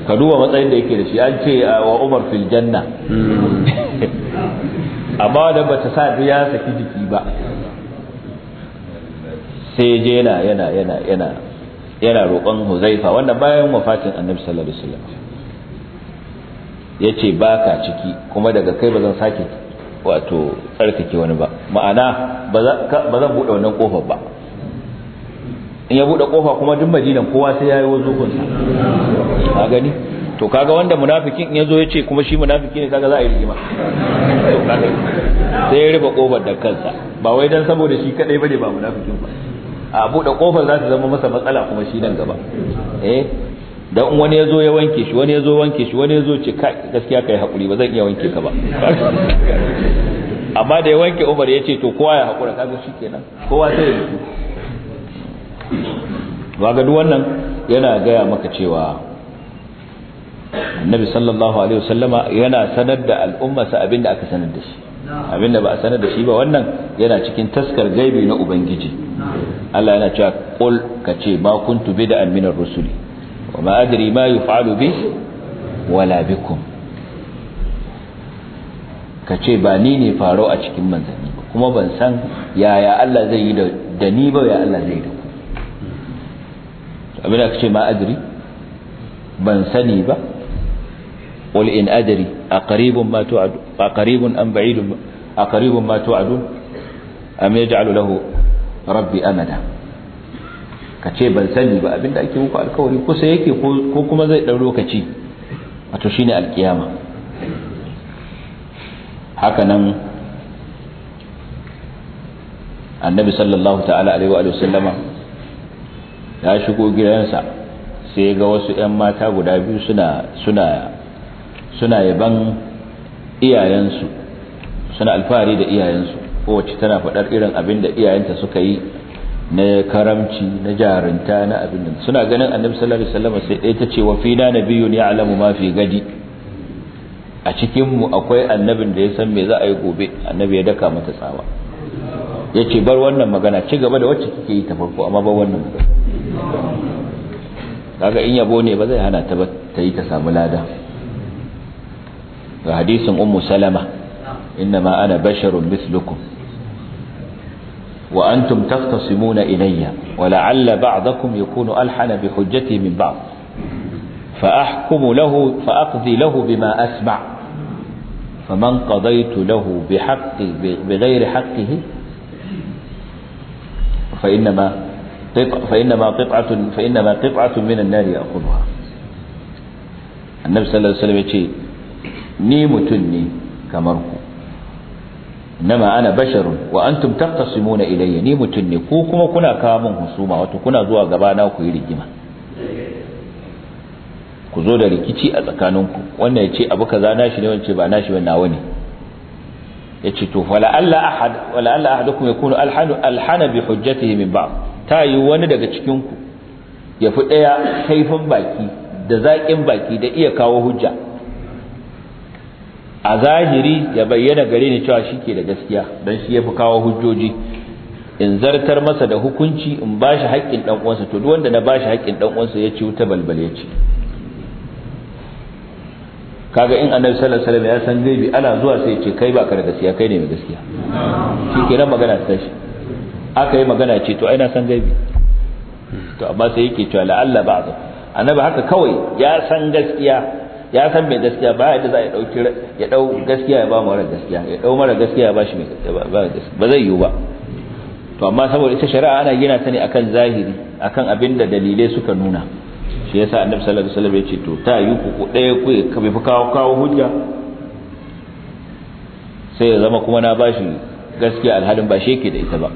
Speaker 1: ka duba matsayin da yake da shi an ce ah, wa umar fil janna amma da ba ta sa ya saki jiki ba sai je yana yana yana yana yana roƙon huzaifa wanda bayan wafatin annabi sallallahu alaihi wasallam yace baka ciki kuma daga kai ba zan sake wato tsarkake wani ba ma'ana ba zan buɗe wannan kofar ba in ya bude kofa kuma duk madinan kowa sai yayi wazukun sa a gani to kaga wanda munafikin in yazo yace kuma shi munafiki ne kaga za a yi rigima to kaga sai ya riba kofar da kansa ba wai dan saboda shi kadai bane ba munafikin ba a bude kofar za ta zama masa matsala kuma shi nan gaba eh dan wani yazo ya wanke shi wani yazo wanke shi wani yazo ce kai gaskiya kai hakuri ba zan iya wanke ka ba amma da ya wanke Umar ce to kowa ya haƙura kaga kenan kowa sai ya ba ga wannan yana gaya maka cewa annabi sallallahu alaihi wasallama yana sanar da al'ummarsa abinda aka sanar da shi abinda ba a sanar da shi ba wannan yana cikin taskar gaibi na ubangiji Allah yana cewa qul ce ma kuntu bid'an min ar-rusuli wa ma adri ma yuf'alu bi wala bikum ce ba ni ne faro a cikin manzanni kuma ban san yaya Allah zai yi da ni ba ya Allah zai yi da abin da ce ma adri ban sani ba qul in adri aqribun ma tu'adu aqribun am ba'idun aqribun ma tu'adu am yaj'alu lahu rabbi amada kace ban sani ba abin da ake muku alkawari kusa yake ko kuma zai dan lokaci wato shine alkiyama haka nan annabi sallallahu ta'ala alaihi wa sallama ya shigo gidansa sai ga wasu 'yan mata guda biyu suna suna suna yaban iyayensu suna alfahari da iyayensu kowace tana faɗar irin abin da iyayenta suka yi na karamci na jarinta na abin nan suna ganin annabi sallallahu alaihi wasallam sai ɗaya ta ce wa fina nabiyyun ya'lamu ma fi gadi a cikin mu akwai annabin da ya san me za a yi gobe annabi ya daka mata tsawa yace bar wannan magana ci gaba da wacce kike yi ta farko amma bar wannan magana kaga in yabo ne ba zai hana ta ba ta yi ta samu lada ga hadisin ummu salama innama ana basharun mislukum wa antum taqtasimuna ilayya wa la'alla ba'dakum yakunu alhana bi hujjati min ba'd fa ahkumu lahu fa aqdi lahu bima asma' faman qadaytu lahu bi haqqi bi ghairi haqqihi fa innama فإنما قطعة فإنما قطعة من النار يأخذها النبي صلى الله عليه وسلم يقول ني متني كمركم إنما أنا بشر وأنتم تختصمون إلي ني متني كوكما كنا كامون حسوما وتكنا زوا غبانا وكوي رجما ku zo da rikici a tsakaninku wannan ya ce abu kaza nashi ne wance ba nashi ba nawa ne ya ce to wala Allah ahad wala Allah ahadukum yakunu alhana bi hujjatihi min ba'd ta yi wani daga cikinku ya fi ɗaya kaifin baki da zakin baki da iya kawo hujja a zahiri ya bayyana gare ni cewa shi ke da gaskiya don shi ya fi kawo hujjoji in zartar masa da hukunci in ba shi haƙƙin ɗan uwansa to duk wanda na ba shi haƙƙin ɗan uwansa ya ci wuta balbale ya kaga in annabi sallallahu alaihi wasallam ya san bi ana zuwa sai ya ce kai ba ka da gaskiya kai ne mai gaskiya shi kenan magana ta shi aka yi magana ce to aina san gaibi to amma sai yake cewa la'alla ba'd annabi haka kawai ya san gaskiya ya san mai gaskiya ba yadda za ya dauki ya dau gaskiya ya ba mara gaskiya ya dau mara gaskiya ba shi mai gaskiya ba ba zai yiwu ba to amma saboda ita shari'a ana gina ta ne akan zahiri akan abinda dalilai suka nuna shi yasa annabi sallallahu alaihi wasallam ya ce to ta yi ku ɗaya ku ka bi kawo kawo hujja sai ya zama kuma na bashi gaskiya alhalin ba shi yake da ita ba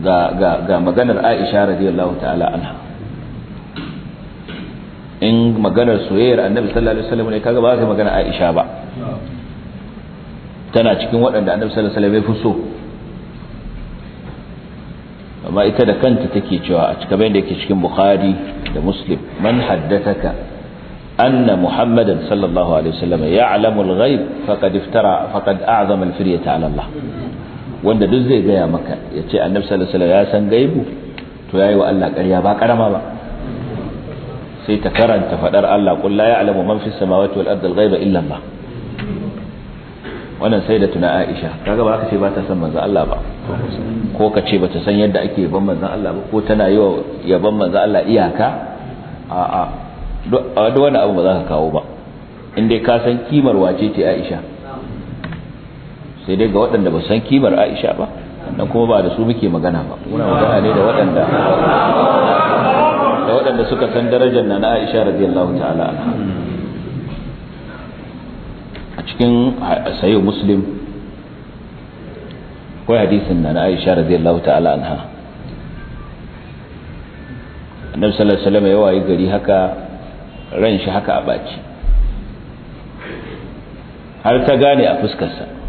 Speaker 1: ga maganar aisha radiyallahu ta'ala anha in maganar soyayyar annabi sallallahu alaihi wasallam ne kaga ba ka magana aisha ba tana cikin waɗanda annabi sallallahu alaihi wasallam ya fi so amma ita da kanta take cewa a cikin bayan da yake cikin bukhari da muslim man haddathaka anna muhammadan sallallahu alaihi wasallam ya'lamu al-ghaib faqad iftara faqad a'zama al-firyata ala allah wanda duk zai gaya maka ya ce annabi sallallahu alaihi wasallam ya san gaibu to yayi wa Allah ƙarya ba ƙarama ba sai ta karanta fadar Allah qul la ya'lamu man fis samawati wal ardi al ghaiba illa Allah wannan sai da tuna Aisha kaga ba ka ce ba ta san manzon Allah ba ko ka ce ba ta san yadda ake ban manzon Allah ba ko tana yi wa yaban manzon Allah iyaka a'a duk wani abu ba za ka kawo ba in dai ka san kimar wace ce Aisha sai dai ga waɗanda ba san kimar aisha ba nan kuma ba da su muke magana ba muna magana ne da waɗanda da waɗanda suka san darajar na aisha radiyallahu ta'ala a cikin sayo muslim akwai hadisin na aisha radiyallahu ta'ala anha annabi sallallahu alaihi wasallam yawa yi gari haka ran shi haka a baci har ta gane a fuskarsa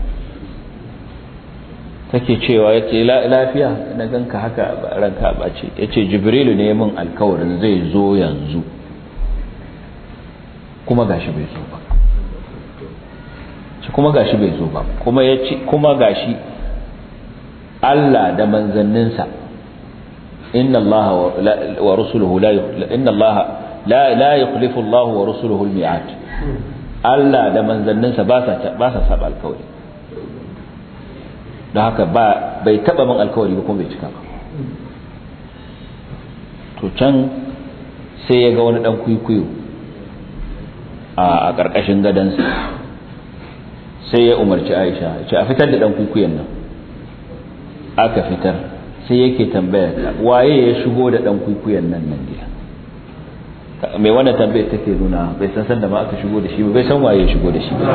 Speaker 1: take cewa ya ce lafiya na ganka haka ranka bace ce jibrilu ne mun alkawarin zai zo yanzu kuma gashi bai zo ba kuma gashi bai zo ba kuma ya ce kuma gashi Allah da manzanninsa inna Allah wa rusuluhu la inna Allah la la yukhlifu Allah wa rusuluhu al-mi'ad hmm. Allah da manzanninsa ba sa ba sa saba alkawari don haka ba bai taba min alkawari ba kuma bai cika ba to can sai ya ga wani dan kwikwiyo a ƙarƙashin gadansa sai ya umarci aisha ce a fitar da dan kwikwiyon nan aka fitar sai yake tambaya waye ya shigo da dan kwikwiyon nan nan gida mai wannan tambayar take nuna bai san sanda ma aka shigo da shi ba bai san waye ya shigo da shi ba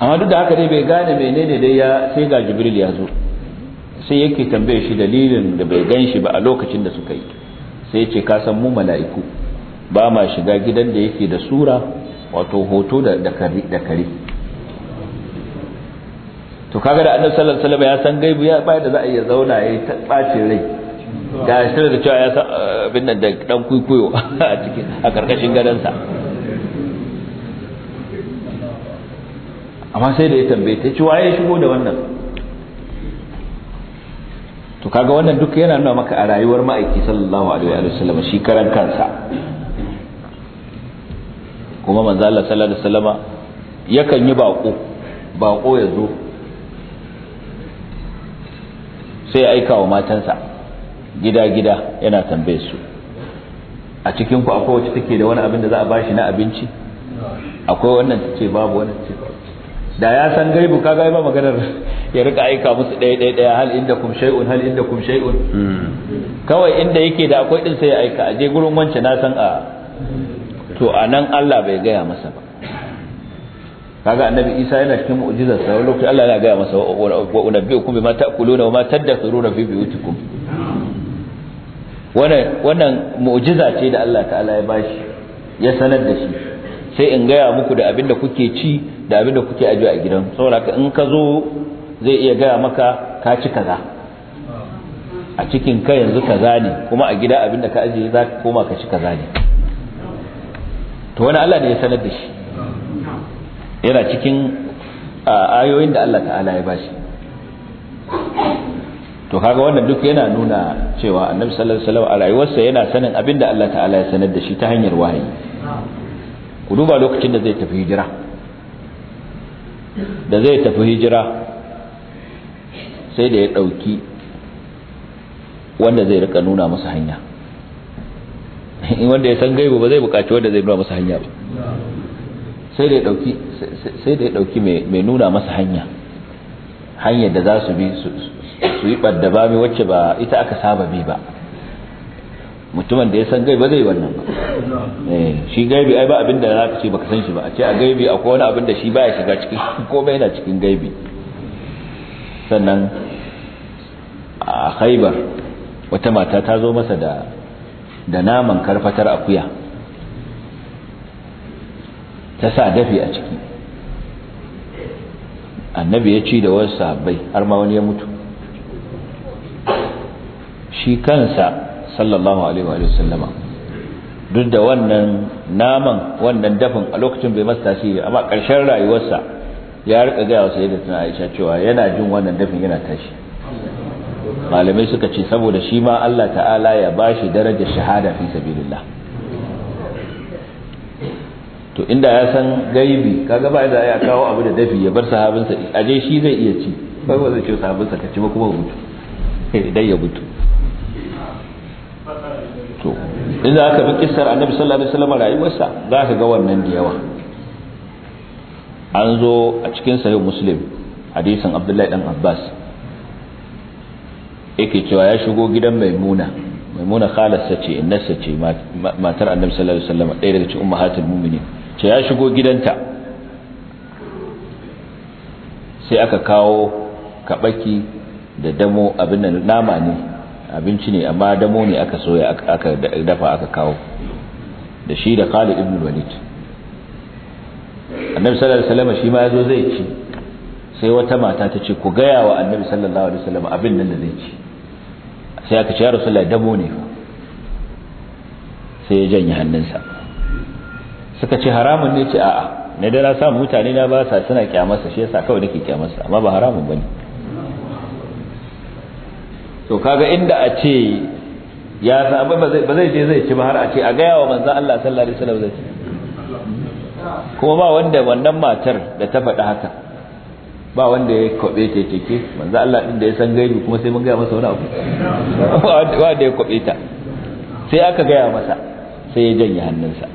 Speaker 1: amma duk da haka dai bai gane menene dai ya sai ga jibril ya zo sai yake tambaye shi dalilin da bai gan shi ba a lokacin da suka yi sai ce ka san mu mala'iku ba ma shiga gidan da yake da sura wato hoto da kare to kaga da annabi sallallahu alaihi wasallam ya san gaibu ya bai da za a iya zauna ya ta bace rai ga shi da cewa ya san eh, abin da dan kuikuyo a cikin a karkashin gadansa amma sai da ya tambaye ta ce waye shigo da wannan to kaga wannan duk yana nuna maka a rayuwar ma'aiki sallallahu alaihi wa sallam shi karan kansa kuma manzo Allah sallallahu alaihi wasallama yakan yi bako bako ya zo sai ya aika wa matansa gida gida yana tambaye su a cikin ku akwai wacce take da wani abin da za a bashi na abinci akwai wannan ce babu wannan ce. da ya san gaibu kaga ba maganar ya rika aika musu ɗaya ɗaya ɗaya hal inda kum shay'un hal inda kum shay'un kawai inda yake da akwai din sai ya aika aje gurin wancan na san a to anan Allah bai gaya masa ba kaga annabi Isa yana cikin mu'jizar sa lokaci Allah yana gaya masa wa unabbiukum bima ta'kuluna wa ma tadathuruna fi buyutikum wannan wannan mu'jiza ce da Allah ta'ala ya bashi
Speaker 3: ya sanar da shi
Speaker 1: sai in gaya muku da abin da kuke ci da abin da kuke aji a gidan saboda ka in ka zo zai iya gaya maka ka ci kaza a cikin ka yanzu kaza ne kuma a gida abin da ka ajiye za ka koma ka ci kaza ne to wani Allah ne ya sanar da shi yana cikin ayoyin da Allah ta'ala ya bashi to kaga wannan duk yana nuna cewa annabi sallallahu alaihi wasallam a rayuwarsa yana sanin abin da Allah ta'ala ya sanar da shi ta hanyar wahayi ku duba lokacin da zai tafi hijira da zai tafi hijira sai da ya ɗauki wanda zai rika nuna masa hanya wanda ya san gaibu ba zai buƙaci wanda zai nuna masa hanya ba sai da ya ɗauki mai nuna masa hanya hanyar da za su bi su yi ɓadda ba mai wacce ba ita aka saba bi ba mutumin da ya san gaibi zai wannan ba eh, shi gaibi ai ba abin da zaka ce baka san shi ba a ce a gaibi akwai wani abin da shi baya shiga cikin komai yana cikin gaibi sannan a khaibar wata mata ta zo masa da da naman karfatar akuya ta sa dafi a ciki annabi ya ci da wasu sahabbai har ma wani ya mutu shi kansa sallallahu alaihi wa sallama duk da wannan naman wannan dafin a lokacin bai masa tasiri amma ƙarshen rayuwarsa ya rika gaya wa sayyidatuna Aisha cewa yana jin wannan dafin yana tashi malamai suka ce saboda shi ma Allah ta'ala ya bashi darajar shahada fi sabilillah to inda ya san gaibi kaga ba da ya kawo abu da dafi ya bar sahabinsa aje shi zai iya ci bai ba ce sahabinsa ka ci ba kuma mutu dai ya mutu inda aka bi kissar annabi sallallahu alaihi wasallam rayuwarsa za ka ga wannan da yawa an zo a cikin sahih muslim hadisin abdullahi dan abbas yake cewa ya shigo gidan maimuna maimuna khalarsa ce innarsa ce matar annabi sallallahu alaihi wasallam ɗaya daga cikin ummahatul mu'minin ce ya shigo gidanta sai aka kawo kabaki da damo abin da nama ne abinci ne amma damo ne aka soya aka dafa aka kawo da shi da Khalid ibn Walid Annabi sallallahu alaihi wasallam shi ma yazo zai ci sai wata mata ta ce ku gaya wa Annabi sallallahu alaihi wasallam abin nan da zai ci sai aka ce ya Rasulullahi damo ne fa sai ya janye hannunsa suka ce haramun ne ce a'a ne da na samu mutane na ba sa suna kyamarsa shi yasa kawai nake kyamarsa amma ba haramun bane to kaga inda a ce ya samu ba zai je zai ci ba har a ce a gaya wa manzan Allah sallallahu alaihi wasallam zai ci kuma ba wanda wannan matar da ta faɗi haka ba wanda ya kwabe ta ce ke manzan Allah din da ya san gaibi kuma sai mun gaya masa wani abu ba wanda ya kwaɓe ta sai aka gaya masa sai ya janye hannunsa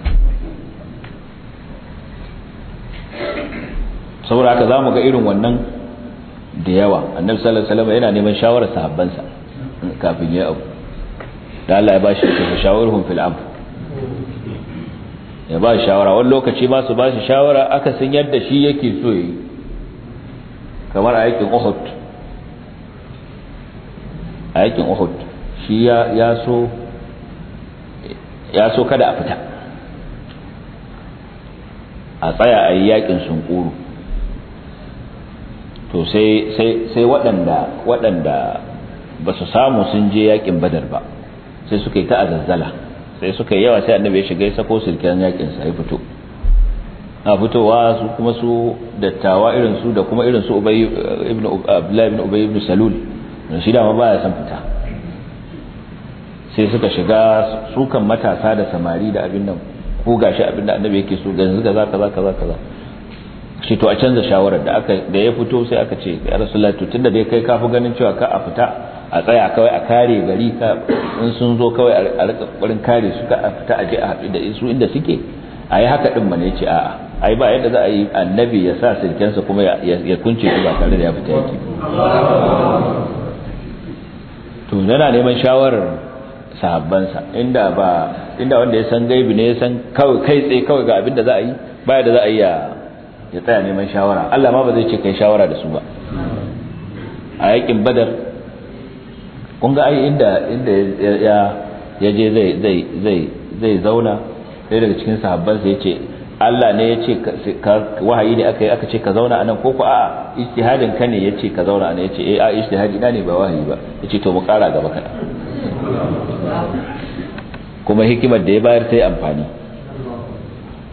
Speaker 1: saboda haka za mu ga irin wannan da yawa annabi sallallahu alaihi wasallam yana neman shawarar sahabbansa kafin ya abu da Allah ya ba shi ta shawarhum fil amr ya ba shawara wani lokaci ba su ba shi shawara aka san yadda shi yake so yi kamar a yakin Uhud a yakin Uhud shi ya so ya so kada a fita a tsaya a yi yakin sunkuru to sai waɗanda waɗanda ba su samu sun je yakin badar ba sai suka yi ta azazzala sai suka yi yawa sai annabi ya shiga ya sako silken yakin sa ya fito a fitowa su kuma su dattawa irin su da kuma irin su ubay eh, ibn abdullahi ibn ubay ibn salul don shi dama ya san fita sai suka shiga sukan matasa da samari da abin nan ko gashi abin da annabi yake so ga ganzu kaza kaza kaza kaza shi to a canza shawarar da aka da ya fito sai aka ce ya rasulullahi to tunda dai kai fi ganin cewa ka a fita a tsaya kawai a kare gari ka in sun zo kawai a rika kwarin kare su ka fita aje a haɗu da su inda suke a yi haka ɗin ya ce a'a yi ba yadda za a yi annabi ya sa sirkensa kuma ya kunce su ba tare da ya fita yake to yana neman shawarar sahabbansa inda ba inda wanda ya san gaibi ne ya san kawai kai tsaye kawai ga abin da za a yi ba yadda za a yi ya tsaya neman shawara Allah ma ba zai ce kai shawara da su ba a yakin badar kun ga ai inda inda ya ya je zai zai zai zai zauna sai daga cikin sahabban sai yace Allah ne ya ce wahayi ne aka yi aka ce ka zauna anan ko ko a'a ijtihadin ka ne ya ce ka zauna anan ya ce eh a ijtihadi na ne ba wahayi ba ya ce to mu kara gaba
Speaker 3: kana
Speaker 1: kuma hikimar da ya bayar sai amfani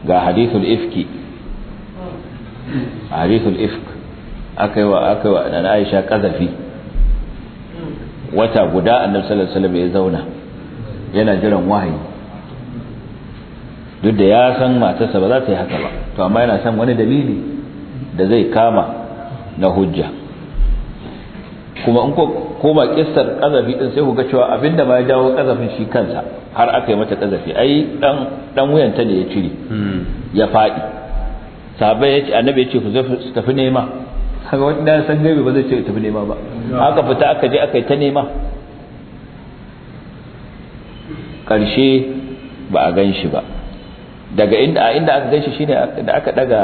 Speaker 1: ga hadithul ifki hadithul ifk akai wa akai wa wa Aisha kazafi wata guda annabi sallallahu alaihi wasallam ya zauna yana jiran wahayi duk da ya san matarsa ba za ta yi haka ba to amma yana san wani dalili da zai kama na hujja kuma in ko koma kissar kazafi din sai ku ga cewa abinda ma ya jawo kazafin shi kansa har aka yi mata kazafi ai dan wuyanta ne ya cire hmm. ya fadi sahabbai ya ce annabi ya ce ku tafi nema kaga wanda san gaibe ba zai ce tafi nema ba aka fita aka je aka yi ta nema ƙarshe ba a gan shi ba daga inda inda aka gan shi shine da aka daga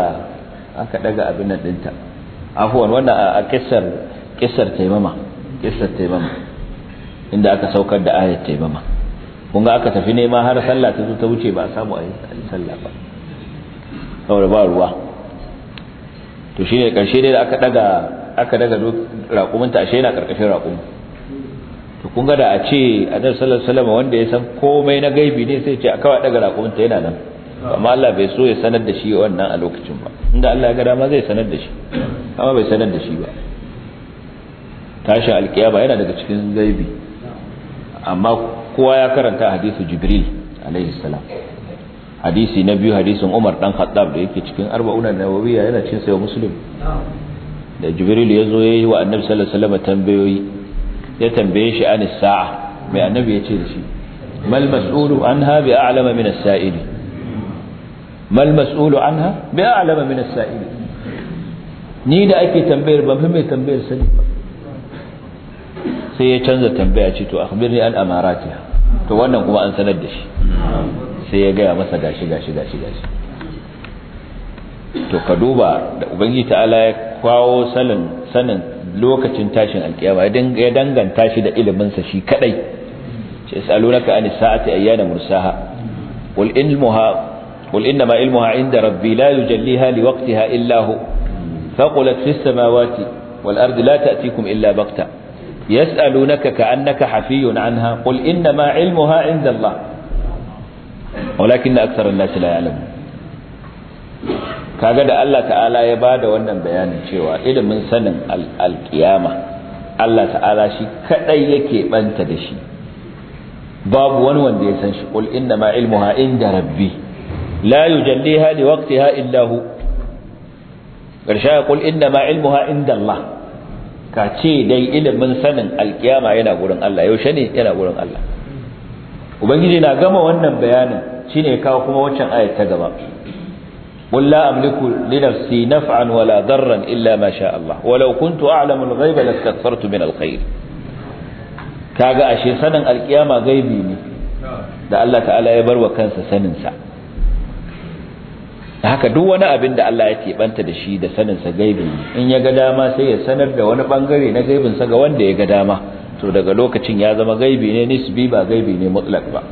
Speaker 1: aka daga abin nan dinta afwan wannan a kissar kissar taimama kissar taimama inda aka saukar da ayat taimama kun ga aka tafi nema har sallah ta zo ta wuce ba a samu ayi sallah ba saboda ba ruwa to shi ne ƙarshe ne da aka daga aka daga raƙuminta ashe yana ƙarƙashin raƙumin to kun ga da a ce a nan sallar wanda ya san komai na gaibi ne sai ce a kawai daga raƙuminta yana nan amma Allah bai so ya sanar da shi wannan a lokacin ba inda Allah ya ga dama zai sanar da shi amma bai sanar da shi ba tashin alkiyama yana daga cikin gaibi amma kowa ya karanta hadisi jibril alaihi salam hadisi na biyu hadisin Umar dan Khattab da yake cikin arba'una nawawiya yana cin sayo muslim da Jibril ya zo yayi wa Annabi sallallahu alaihi wasallam tambayoyi ya tambaye shi anis sa'a mai Annabi ya ce da shi mal mas'ulu anha bi a'lama min as-sa'ili mal mas'ulu anha bi a'lama min as-sa'ili ni da ake tambayar ba mai tambayar sani ba sai ya canza tambaya ce to akhbirni an amaratiha to wannan kuma an sanar da shi sai ya gaya masa gashi gashi gashi gashi to ka duba da ubangiji ta'ala ya kawo sanin sanin lokacin tashin alƙiyama ya danganta shi da ilimin sa shi kadai ce salunaka an sa'ati ayyana mursaha qul ilmuha qul inma ilmuha inda rabbi la yujalliha liwaqtiha illa hu faqulat fis samawati wal ardi la ta'tikum illa baqta yas'alunaka ka'annaka hafiyun anha qul inma ilmuha inda allah walakin da aksarar nasi la ya'lamu kaga da Allah ta'ala ya da wannan bayanin cewa ilimin sanin alkiyama Allah ta'ala shi kadai yake banta da shi babu wani wanda ya san shi qul inna ma ilmuha inda rabbi la yujalliha liwaqtiha illa hu karshe qul inna ma ilmuha inda ka ce dai ilimin sanin alkiyama yana gurin Allah yaushe ne yana gurin Allah ubangiji na gama wannan bayanin shine ya kawo kuma waccan ayat ta gaba قل لا أملك لنفسي نفعا ولا ضرا إلا ما شاء الله ولو كنت أعلم الغيب min من الخير kaga ashe sanin alkiyama gaibi ne da Allah ta'ala ya bar wa kansa sanin sa haka duk wani abin da Allah ya keɓanta da shi da sanin sa gaibi ne in ya ga dama sai ya sanar da wani bangare na gaibinsa sa ga wanda ya ga dama to daga lokacin ya zama gaibi ne nisbi ba gaibi ne mutlak ba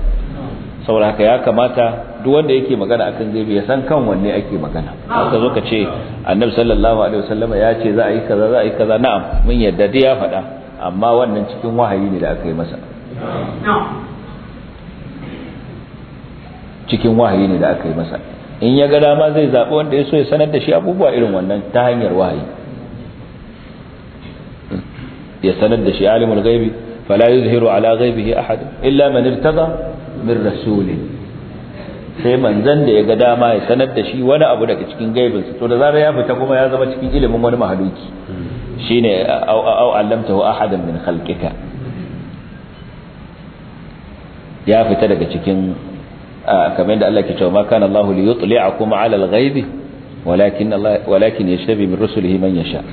Speaker 1: saboda haka ya kamata duk wanda yake magana akan gaibi ya san kan wanne ake magana haka zo ka ce annabi sallallahu alaihi wasallam ya ce za a yi kaza za a yi kaza na'am mun yadda dai ya faɗa amma wannan cikin wahayi ne da aka yi masa cikin wahayi ne da aka yi masa in ya ga dama zai zaɓi wanda ya so ya sanar da shi abubuwa irin wannan ta hanyar wahayi ya sanar da shi alimul ghaibi fala yuzhiru ala ghaibihi ahad illa man irtada min rasulin sai manzan da ya ga dama ya sanar da shi wani abu daga cikin gaibinsa to da zarar ya fita kuma ya zama cikin ilimin wani mahaluki shine au au allamtahu ahadan min khalqika ya fita daga cikin kamar yadda Allah ke cewa ma kana Allah li yutli'akum 'ala al-ghaibi walakin Allah walakin yashtabi min rusulihi man yasha'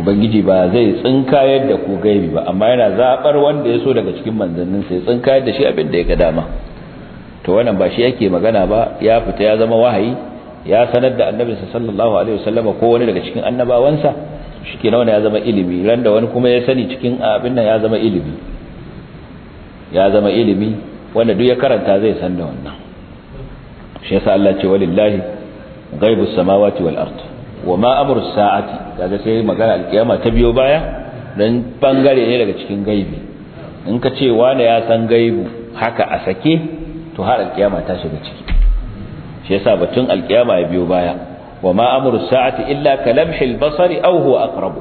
Speaker 1: ubangiji ba zai tsinkayar da ku gaibi ba amma yana zabar wanda ya so daga cikin manzannin sai tsinkayar da shi abin da ya ga dama to wannan ba shi yake magana ba ya fita ya zama wahayi ya sanar da annabi sallallahu alaihi wasallam ko wani daga cikin annabawansa shi ke wani ya zama ilimi ran wani kuma ya sani cikin abin nan ya zama ilimi ya zama ilimi wanda duk ya karanta zai san da wannan shi yasa Allah ce walillahi ghaibus samawati wal ardh wa amru sa'ati kaga sai magana alkiyama ta biyo baya dan bangare ne daga cikin gaibi in ka ce wani ya san gaibu haka a sake to har alkiyama ta shiga ciki shi yasa batun alkiyama ya biyo baya wa ma amru sa'ati illa kalamhil basari aw huwa aqrabu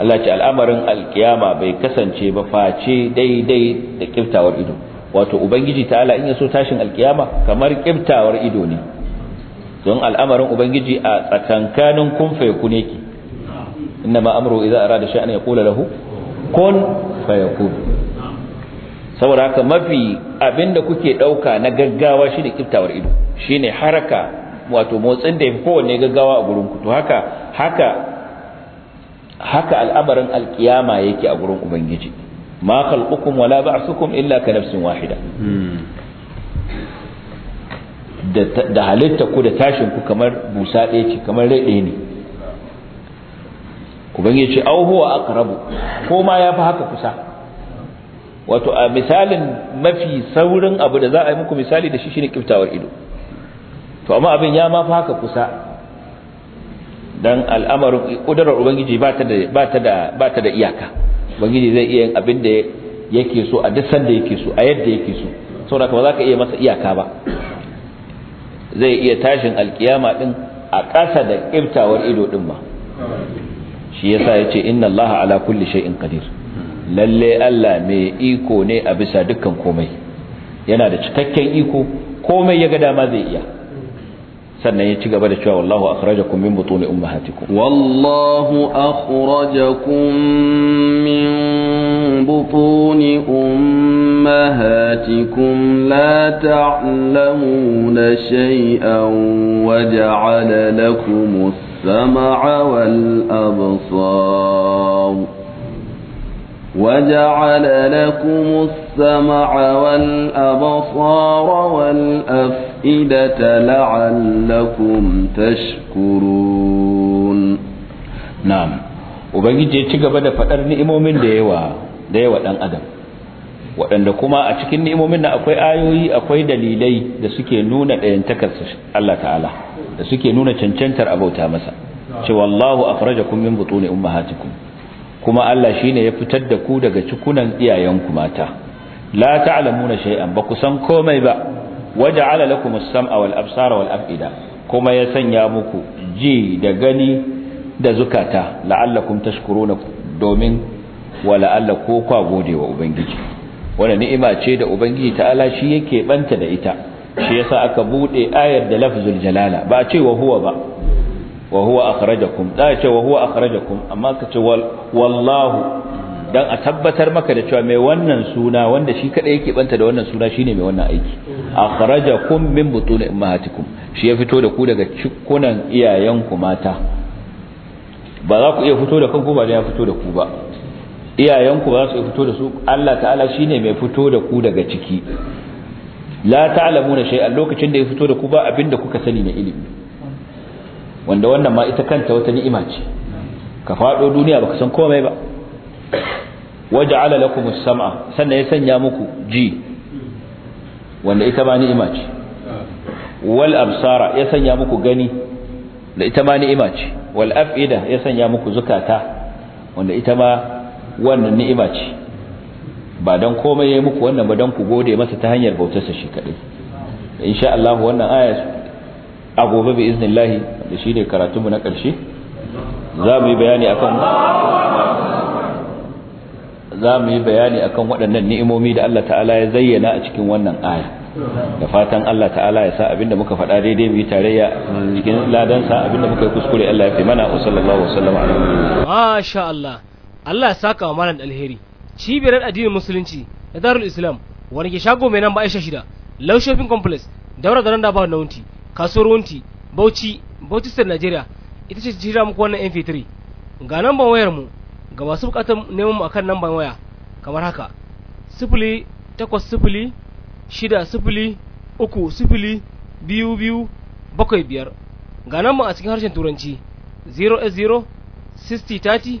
Speaker 1: Allah ce al'amarin alkiyama bai kasance ba face daidai da kiftawar ido wato ubangiji ta'ala in yaso so tashin alkiyama kamar kiftawar ido ne don al'amarin ubangiji a tsakankanin kun fa yakun yake inna ma amru idza arada sha'an yaqulu lahu kun fa yakun saboda haka mafi abinda kuke ɗauka na gaggawa shine kiftawar ido shine haraka wato motsin da yafi kowanne gaggawa a gurin ku to haka haka haka al'amarin alkiyama yake a gurin ubangiji ma khalqukum wala ba'thukum illa ka nafsin wahida
Speaker 3: hmm.
Speaker 1: da halitta ku da tashin ku kamar busa ɗaya ce kamar rai ɗaya ne ubangiji ce au huwa aqrabu ko ma ya fi haka kusa wato a misalin mafi saurin abu da za a yi muku misali da shi shine kiftawar ido to amma abin ya ma fa haka kusa dan al'amarin kudarar ubangiji ba ta da iyaka ubangiji zai iya yin abin da yake so a duk sanda yake so a yadda yake so saboda ba za ka iya masa iyaka ba zai iya tashin alkiyama din a ƙasa da ƙiftawar ido din ma shi yasa yace inna allaha ala kulli shay'in qadir lalle Allah mai iko ne a bisa dukkan komai yana da cikakken iko komai ya ga dama zai iya sannan ya ci gaba da cewa wallahu akhrajakum min butuni ummahatikum wallahu akhrajakum
Speaker 2: min بطون أمهاتكم لا تعلمون شيئا وجعل لكم السمع والأبصار وجعل لكم السمع والأبصار والأفئدة لعلكم
Speaker 1: تشكرون نعم وبنجي ya بدأ فأرني da faɗar da yawa ɗan adam waɗanda kuma a cikin ni'imomin nan akwai ayoyi akwai dalilai da suke nuna ɗayantakar Allah ta'ala da suke nuna cancantar abauta masa ce wallahu akhrajakum min butuni ummahatikum kuma Allah shine ya fitar da ku daga cikunan iyayenku mata la ta'lamuna shay'an ba ku san komai ba waja'ala lakum as-sam'a wal absara wal af'ida kuma ya sanya muku ji da gani da zukata la'allakum tashkuruna domin wala Allah ko kwa gode wa ubangiji wala ni'ima ce da ubangiji ta'ala shi yake banta da ita shi yasa aka bude ayar da lafzul jalala ba a ce wa huwa ba wa huwa akhrajakum da ce wa huwa akhrajakum amma ka ce wallahu dan a tabbatar maka da cewa mai wannan suna wanda shi kada yake banta da wannan suna shine mai wannan aiki akhrajakum min butun ummahatikum shi ya fito da ku daga cikunan iyayenku mata ba za ku iya fito da kanku ba da ya fito da ku ba iyayenku ba su fito da su Allah ta'ala shine mai fito da ku daga ciki la sha'i. A lokacin da ya fito da ku ba abin da kuka sani na ilimi wanda wannan ma ita kanta wata ni'ima ce ka fado duniya baka san komai ba waja'ala lakumus sam'a sannan ya sanya muku ji wanda ita ma ni'ima ce wal absara ya sanya muku gani da ita ma ni'ima ce wal af'ida ya sanya muku zukata wanda ita ma wannan ni'ima ce ba don komai yayi muku wannan ba don ku gode masa ta hanyar bautarsa shi kadai insha Allah wannan aya a gobe bi iznillahi da shine karatunmu na karshe za mu yi bayani akan za mu yi bayani waɗannan ni'imomi da Allah ta'ala ya zayyana a cikin wannan aya da fatan Allah ta'ala ya sa abinda muka faɗa daidai mu yi tarayya cikin ladansa abinda muka yi kuskure Allah ya fi mana wa sallallahu wa sallama ala masha Allah Allah ya saka wa malam alheri cibiyar addinin musulunci da darul islam wani ke shago mai nan ba aisha shida low shopping complex daura da ba na wunti kasuwar wunti bauchi bauchi state nigeria ita ce jira muku wannan mp3 ga namban wayar mu ga masu bukatar neman mu akan namban waya kamar haka sifili takwas shida sifili uku sifili biyu biyu bakwai biyar ga namban a cikin harshen turanci 0 0 60